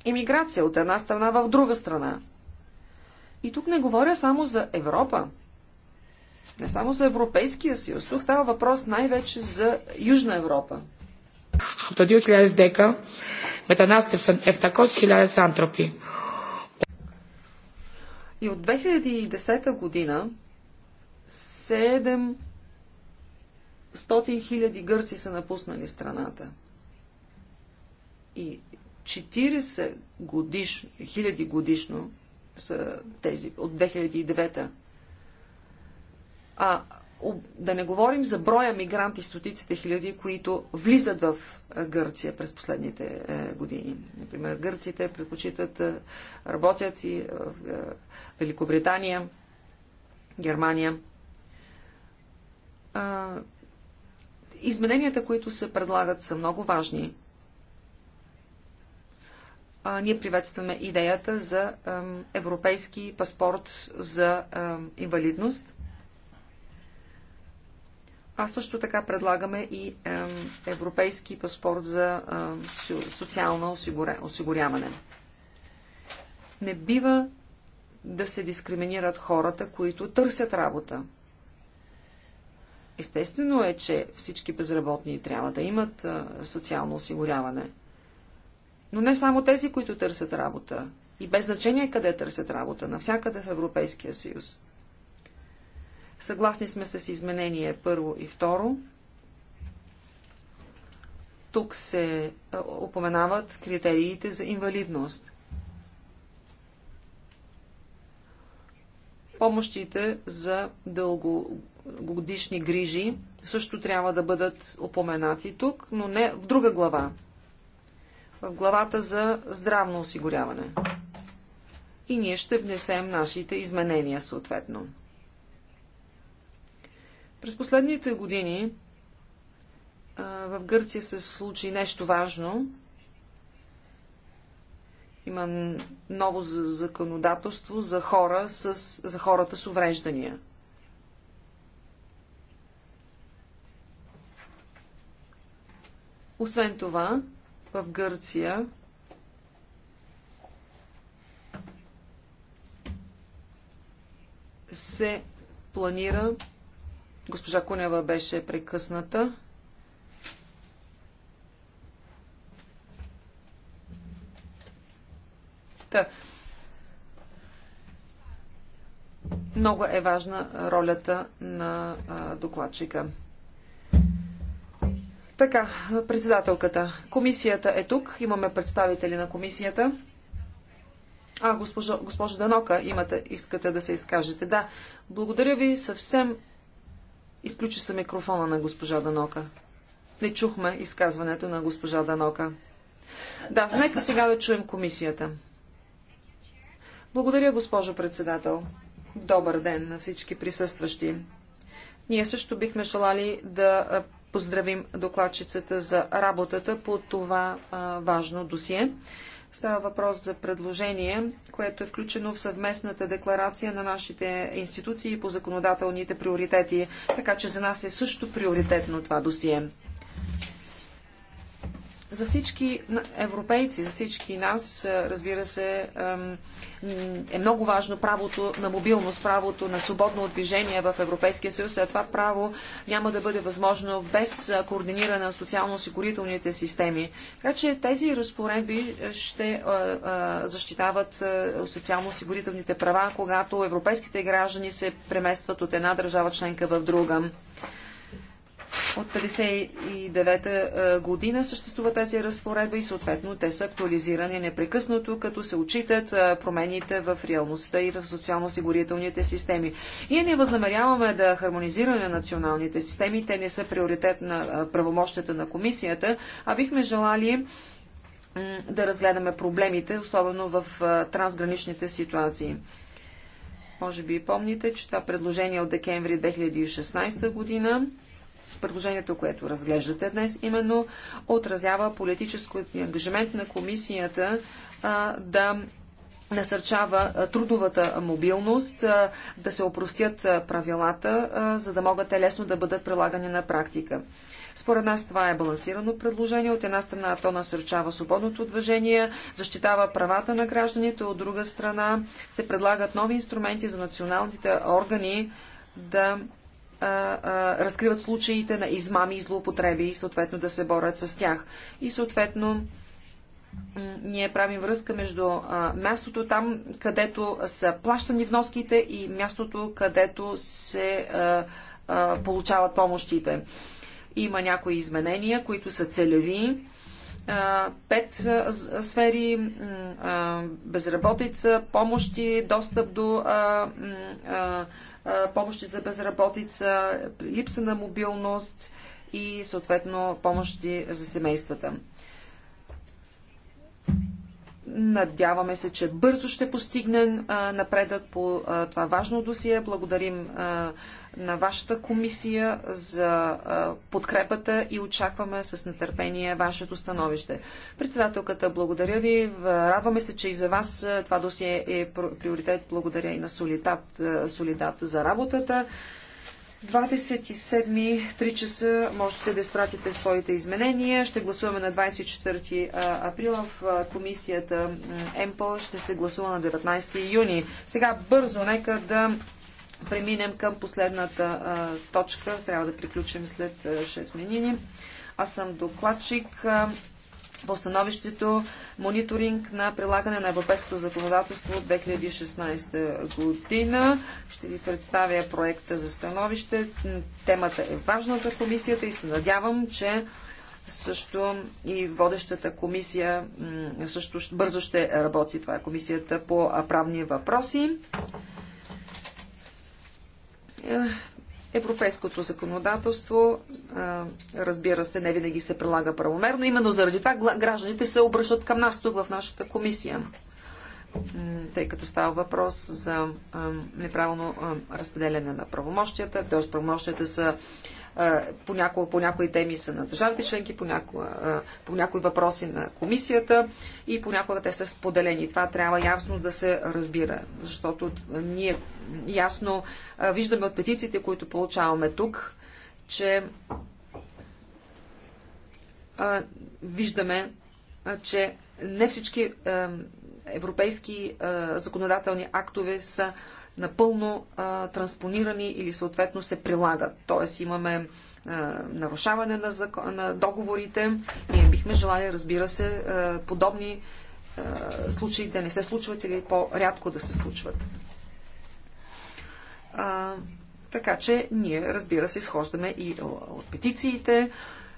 иммиграция от една страна в друга страна. И тук не говоря само за Европа не само за Европейския съюз. Тук става въпрос най-вече за Южна Европа. Από το 2010 μετανάστευσαν 700.000 άνθρωποι. И от 2010 година 700 000 гърци са напуснали страната. И 40 хиляди годишно са тези от 2009 а да не говорим за броя мигранти, стотиците хиляди, които влизат в е, Гърция през последните е, години. Например, гърците предпочитат, е, работят и в Великобритания, Германия. Измененията, които се предлагат, са много важни. Ние приветстваме идеята за европейски паспорт за инвалидност а също така предлагаме и европейски паспорт за социално осигуряване. Не бива да се дискриминират хората, които търсят работа. Естествено е, че всички безработни трябва да имат е, социално осигуряване. Но не само тези, които търсят работа. И без значение къде търсят работа, навсякъде в Европейския съюз. Съгласни сме с изменение първо и второ. Тук се упоменават критериите за инвалидност. Помощите за дългогодишни грижи също трябва да бъдат упоменати тук, но не в друга глава. В главата за здравно осигуряване. И ние ще внесем нашите изменения съответно. През последните години в Гърция се случи нещо важно. Има ново законодателство за, хора с, за хората с увреждания. Освен това, в Гърция се планира Госпожа Кунева беше прекъсната. Та. Много е важна ролята на докладчика. Така, председателката. Комисията е тук. Имаме представители на комисията. А, госпожо, госпожо Данока, имате, искате да се изкажете. Да, благодаря ви съвсем Изключи се микрофона на госпожа Данока. Не чухме изказването на госпожа Данока. Да, нека сега да чуем комисията. Благодаря, госпожо председател. Добър ден на всички присъстващи. Ние също бихме желали да поздравим докладчицата за работата по това а, важно досие. Става въпрос за предложение, което е включено в съвместната декларация на нашите институции по законодателните приоритети, така че за нас е също приоритетно това досие за всички европейци, за всички нас, е, разбира се, е много важно правото на мобилност, правото на свободно движение в Европейския съюз. А това право няма да бъде възможно без координиране на социално-осигурителните системи. Така че тези разпоредби е, ще защитават е, социално-осигурителните права, когато европейските граждани се преместват от една държава членка в друга. От 59-та е, година съществува тази разпоредба и съответно те са актуализирани непрекъснато, като се отчитат е, промените в реалността и в социално сигурителните системи. Ние не възнамеряваме да хармонизираме националните системи, те не са приоритет на е, правомощията на комисията, а бихме желали да разгледаме проблемите, особено в трансграничните ситуации. Може би помните, че това предложение от декември 2016 година предложението, което разглеждате днес, именно отразява политическото ангажимент на комисията а, да насърчава трудовата мобилност, да се опростят правилата, за да могат те лесно да бъдат прилагани на практика. Според нас това е балансирано предложение. От една страна то насърчава свободното движение, защитава правата на гражданите, от друга страна се предлагат нови инструменти за националните органи да разкриват случаите на измами и злоупотреби и съответно да се борят с тях. И съответно ние правим връзка между мястото там, където са плащани вноските и мястото, където се получават помощите. Има някои изменения, които са целеви. Пет сфери безработица, помощи, достъп до помощи за безработица, липса на мобилност и съответно помощи за семействата. Надяваме се, че бързо ще постигнем напредък по това важно досие. Благодарим на вашата комисия за подкрепата и очакваме с нетърпение вашето становище. Председателката, благодаря ви. Радваме се, че и за вас това досие е приоритет. Благодаря и на Солидат, Солидат за работата. 27.3 часа можете да изпратите своите изменения. Ще гласуваме на 24 април в комисията МПО. Ще се гласува на 19 юни. Сега бързо нека да преминем към последната а, точка. Трябва да приключим след а, 6 минини. Аз съм докладчик а, по становището мониторинг на прилагане на европейското законодателство от 2016 година. Ще ви представя проекта за становище. Темата е важна за комисията и се надявам, че също и водещата комисия също бързо ще работи. Това е комисията по правни въпроси. Европейското законодателство, разбира се, не винаги се прилага правомерно. Именно заради това гражданите се обръщат към нас тук в нашата комисия, тъй като става въпрос за неправилно разпределение на правомощията, т.е. правомощията са по, някои, по някои теми са на държавите членки, по, по някои въпроси на комисията и понякога те са споделени. Това трябва ясно да се разбира, защото ние ясно виждаме от петициите, които получаваме тук, че виждаме, че не всички европейски законодателни актове са напълно а, транспонирани или съответно се прилагат. Тоест имаме а, нарушаване на, закон, на договорите. Ние бихме желали, разбира се, а, подобни а, случаи да не се случват или по-рядко да се случват. А, така че ние, разбира се, изхождаме и от петициите.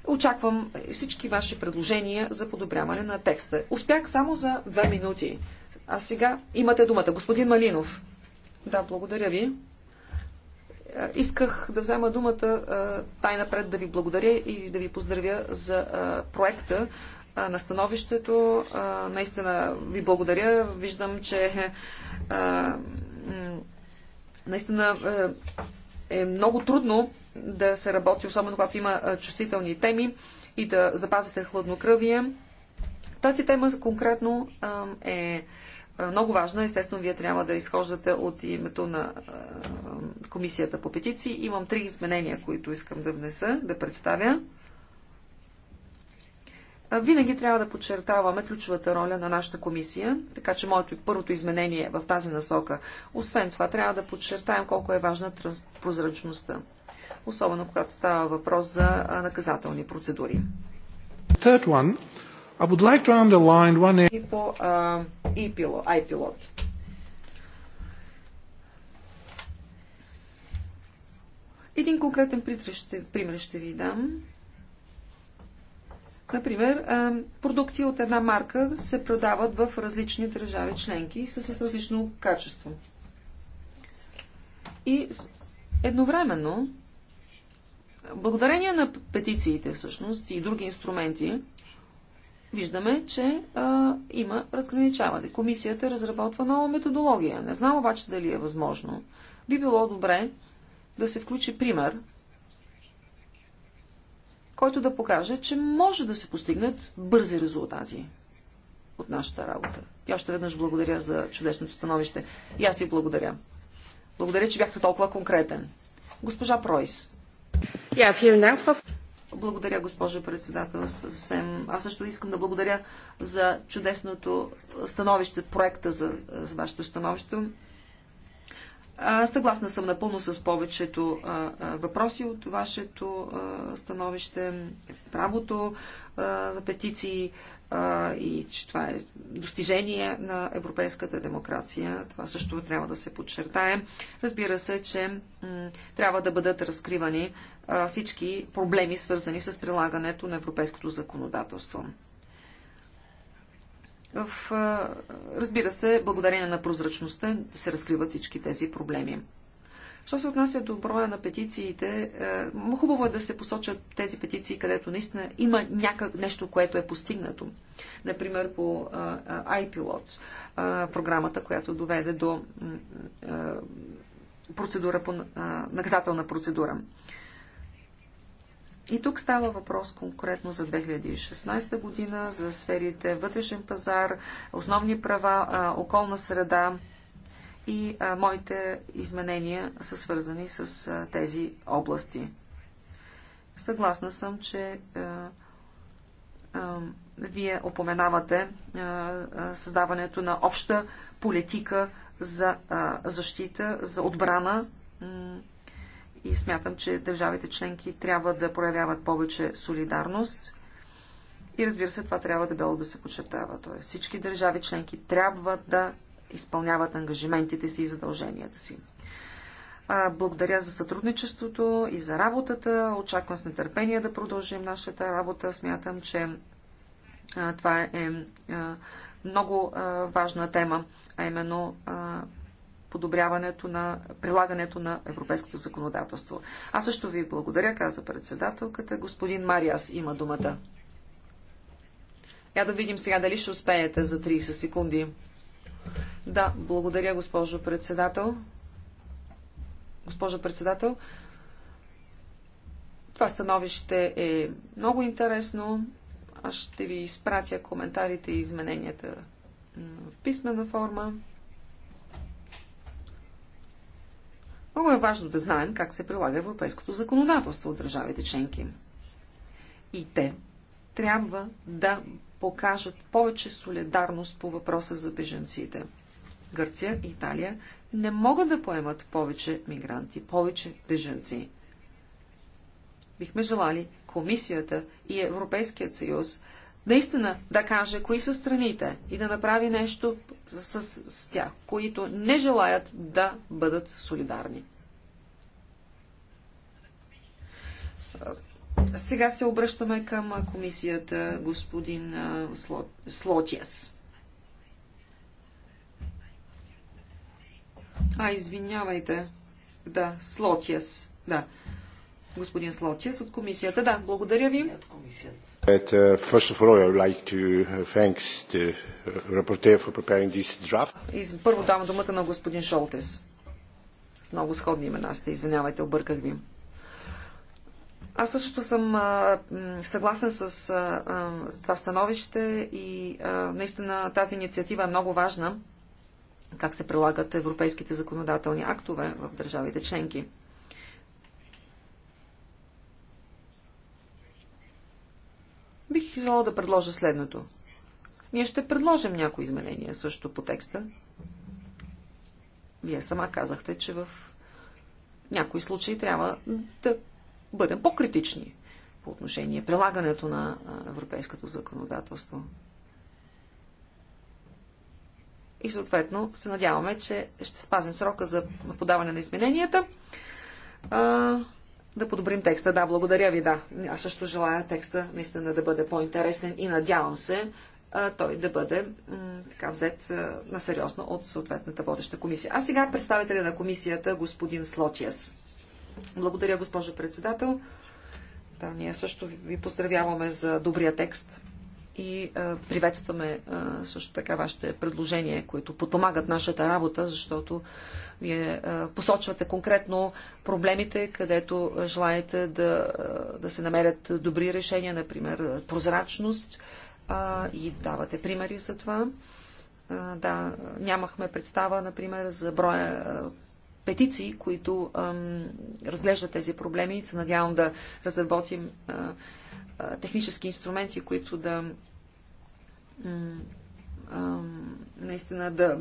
Очаквам всички ваши предложения за подобряване на текста. Успях само за две минути. А сега имате думата. Господин Малинов. Да, благодаря ви. Е, исках да взема думата тайна е, напред да ви благодаря и да ви поздравя за е, проекта на становището. Наистина ви благодаря. Виждам, че наистина е много трудно да се работи, особено когато има чувствителни теми и да запазите хладнокръвие. Тази тема конкретно е много важно. Е, естествено, вие трябва да изхождате от името на комисията по петиции. Имам три изменения, които искам да внеса, да представя. Винаги трябва да подчертаваме ключовата роля на нашата комисия, така че моето първото изменение е в тази насока. Освен това, трябва да подчертаем колко е важна прозрачността, особено когато става въпрос за наказателни процедури. Third one, I would like to underline one... И по и пилот. Един конкретен пример ще, пример ще ви дам. Например, продукти от една марка се продават в различни държави членки с различно качество. И едновременно, благодарение на петициите всъщност и други инструменти, виждаме, че а, има разграничаване. Комисията разработва нова методология. Не знам обаче дали е възможно. Би било добре да се включи пример, който да покаже, че може да се постигнат бързи резултати от нашата работа. И още веднъж благодаря за чудесното становище. И аз ви благодаря. Благодаря, че бяхте толкова конкретен. Госпожа Пройс. Yeah, благодаря, госпожо председател. Съвсем. Аз също искам да благодаря за чудесното становище, проекта за, за вашето становище. Съгласна съм напълно с повечето въпроси от вашето становище, правото за петиции, а, и че това е достижение на европейската демокрация. Това също трябва да се подчертае. Разбира се, че трябва да бъдат разкривани а, всички проблеми, свързани с прилагането на европейското законодателство. В, а, разбира се, благодарение на прозрачността се разкриват всички тези проблеми. Що се отнася до броя на петициите, е, хубаво е да се посочат тези петиции, където наистина има някак нещо, което е постигнато. Например, по iPilot, програмата, която доведе до процедура по, наказателна процедура. И тук става въпрос конкретно за 2016 година, за сферите вътрешен пазар, основни права, околна среда, и а, моите изменения са свързани с а, тези области. Съгласна съм, че а, вие опоменавате създаването на обща политика за защита, за отбрана и смятам, че държавите членки трябва да проявяват повече солидарност. И разбира се, това трябва да било да се подчертава. Тоест, всички държави членки трябва да изпълняват ангажиментите си и задълженията си. Благодаря за сътрудничеството и за работата. Очаквам с нетърпение да продължим нашата работа. Смятам, че това е много важна тема, а именно подобряването на прилагането на европейското законодателство. Аз също ви благодаря, каза председателката. Господин Мариас има думата. Я да видим сега дали ще успеете за 30 секунди. Да, благодаря, госпожо председател. Госпожо председател, това становище е много интересно. Аз ще ви изпратя коментарите и измененията в писмена форма. Много е важно да знаем как се прилага европейското законодателство от държавите членки. И те трябва да покажат повече солидарност по въпроса за беженците. Гърция и Италия не могат да поемат повече мигранти, повече беженци. Бихме желали Комисията и Европейският съюз наистина да каже кои са страните и да направи нещо с, с, с тях, които не желаят да бъдат солидарни. Сега се обръщаме към комисията господин Слотиас. А, извинявайте. Да, Слотиас. Да. Господин Слотиас от комисията. Да, благодаря ви. But, uh, first of all, I would like to uh, the uh, rapporteur for preparing this draft. първо давам думата на господин Шолтес. Много сходни имена сте, извинявайте, обърках ви. Аз също съм а, съгласен с а, а, това становище и а, наистина тази инициатива е много важна, как се прилагат европейските законодателни актове в държавите членки. Бих желала да предложа следното. Ние ще предложим някои изменения също по текста. Вие сама казахте, че в някои случаи трябва да бъдем по-критични по отношение прилагането на европейското законодателство. И съответно се надяваме, че ще спазим срока за подаване на измененията. А, да подобрим текста. Да, благодаря ви, да. Аз също желая текста наистина да бъде по-интересен и надявам се а, той да бъде така взет а, на сериозно от съответната водеща комисия. А сега представителя на комисията, господин Слотиас. Благодаря, госпожо председател. Да, ние също ви поздравяваме за добрия текст и а, приветстваме а, също така вашите предложения, които подпомагат нашата работа, защото вие а, посочвате конкретно проблемите, където желаете да, да се намерят добри решения, например прозрачност а, и давате примери за това. А, да, нямахме представа, например, за броя петиции, които разглеждат тези проблеми и се надявам да разработим технически инструменти, които да наистина да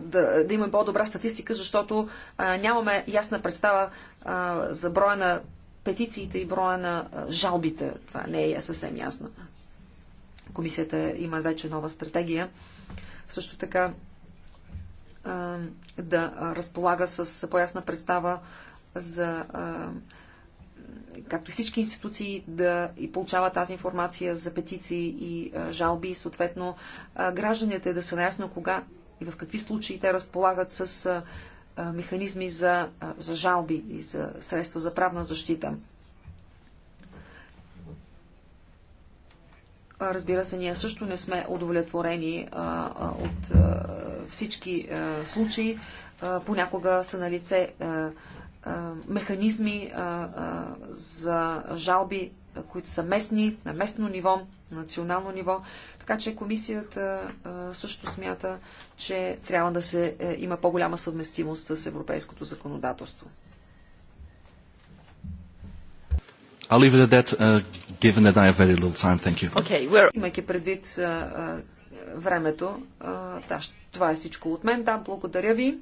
да, да имаме по-добра статистика, защото а, нямаме ясна представа а, за броя на петициите и броя на а, жалбите. Това не е съвсем ясно. Комисията има вече нова стратегия. Също така е, да разполага с по-ясна представа за е, както всички институции да и получават тази информация за петиции и е, жалби и съответно гражданите да са наясно кога и в какви случаи те разполагат с механизми за, за жалби и за средства за правна защита. Разбира се, ние също не сме удовлетворени а, от а, всички а, случаи. А, понякога са на лице а, а, механизми а, а, за жалби, а, които са местни, на местно ниво, национално ниво. Така че комисията а, също смята, че трябва да се а, е, има по-голяма съвместимост с европейското законодателство. I'll leave it at that, uh, given that I have very little time. Thank you. Okay, we're... Имайки предвид uh, времето, uh, да, това е всичко от мен. Да, благодаря ви.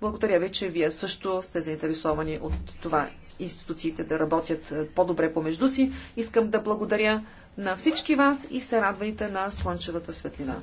Благодаря ви, че вие също сте заинтересовани от това институциите да работят по-добре помежду си. Искам да благодаря на всички вас и се радвайте на слънчевата светлина.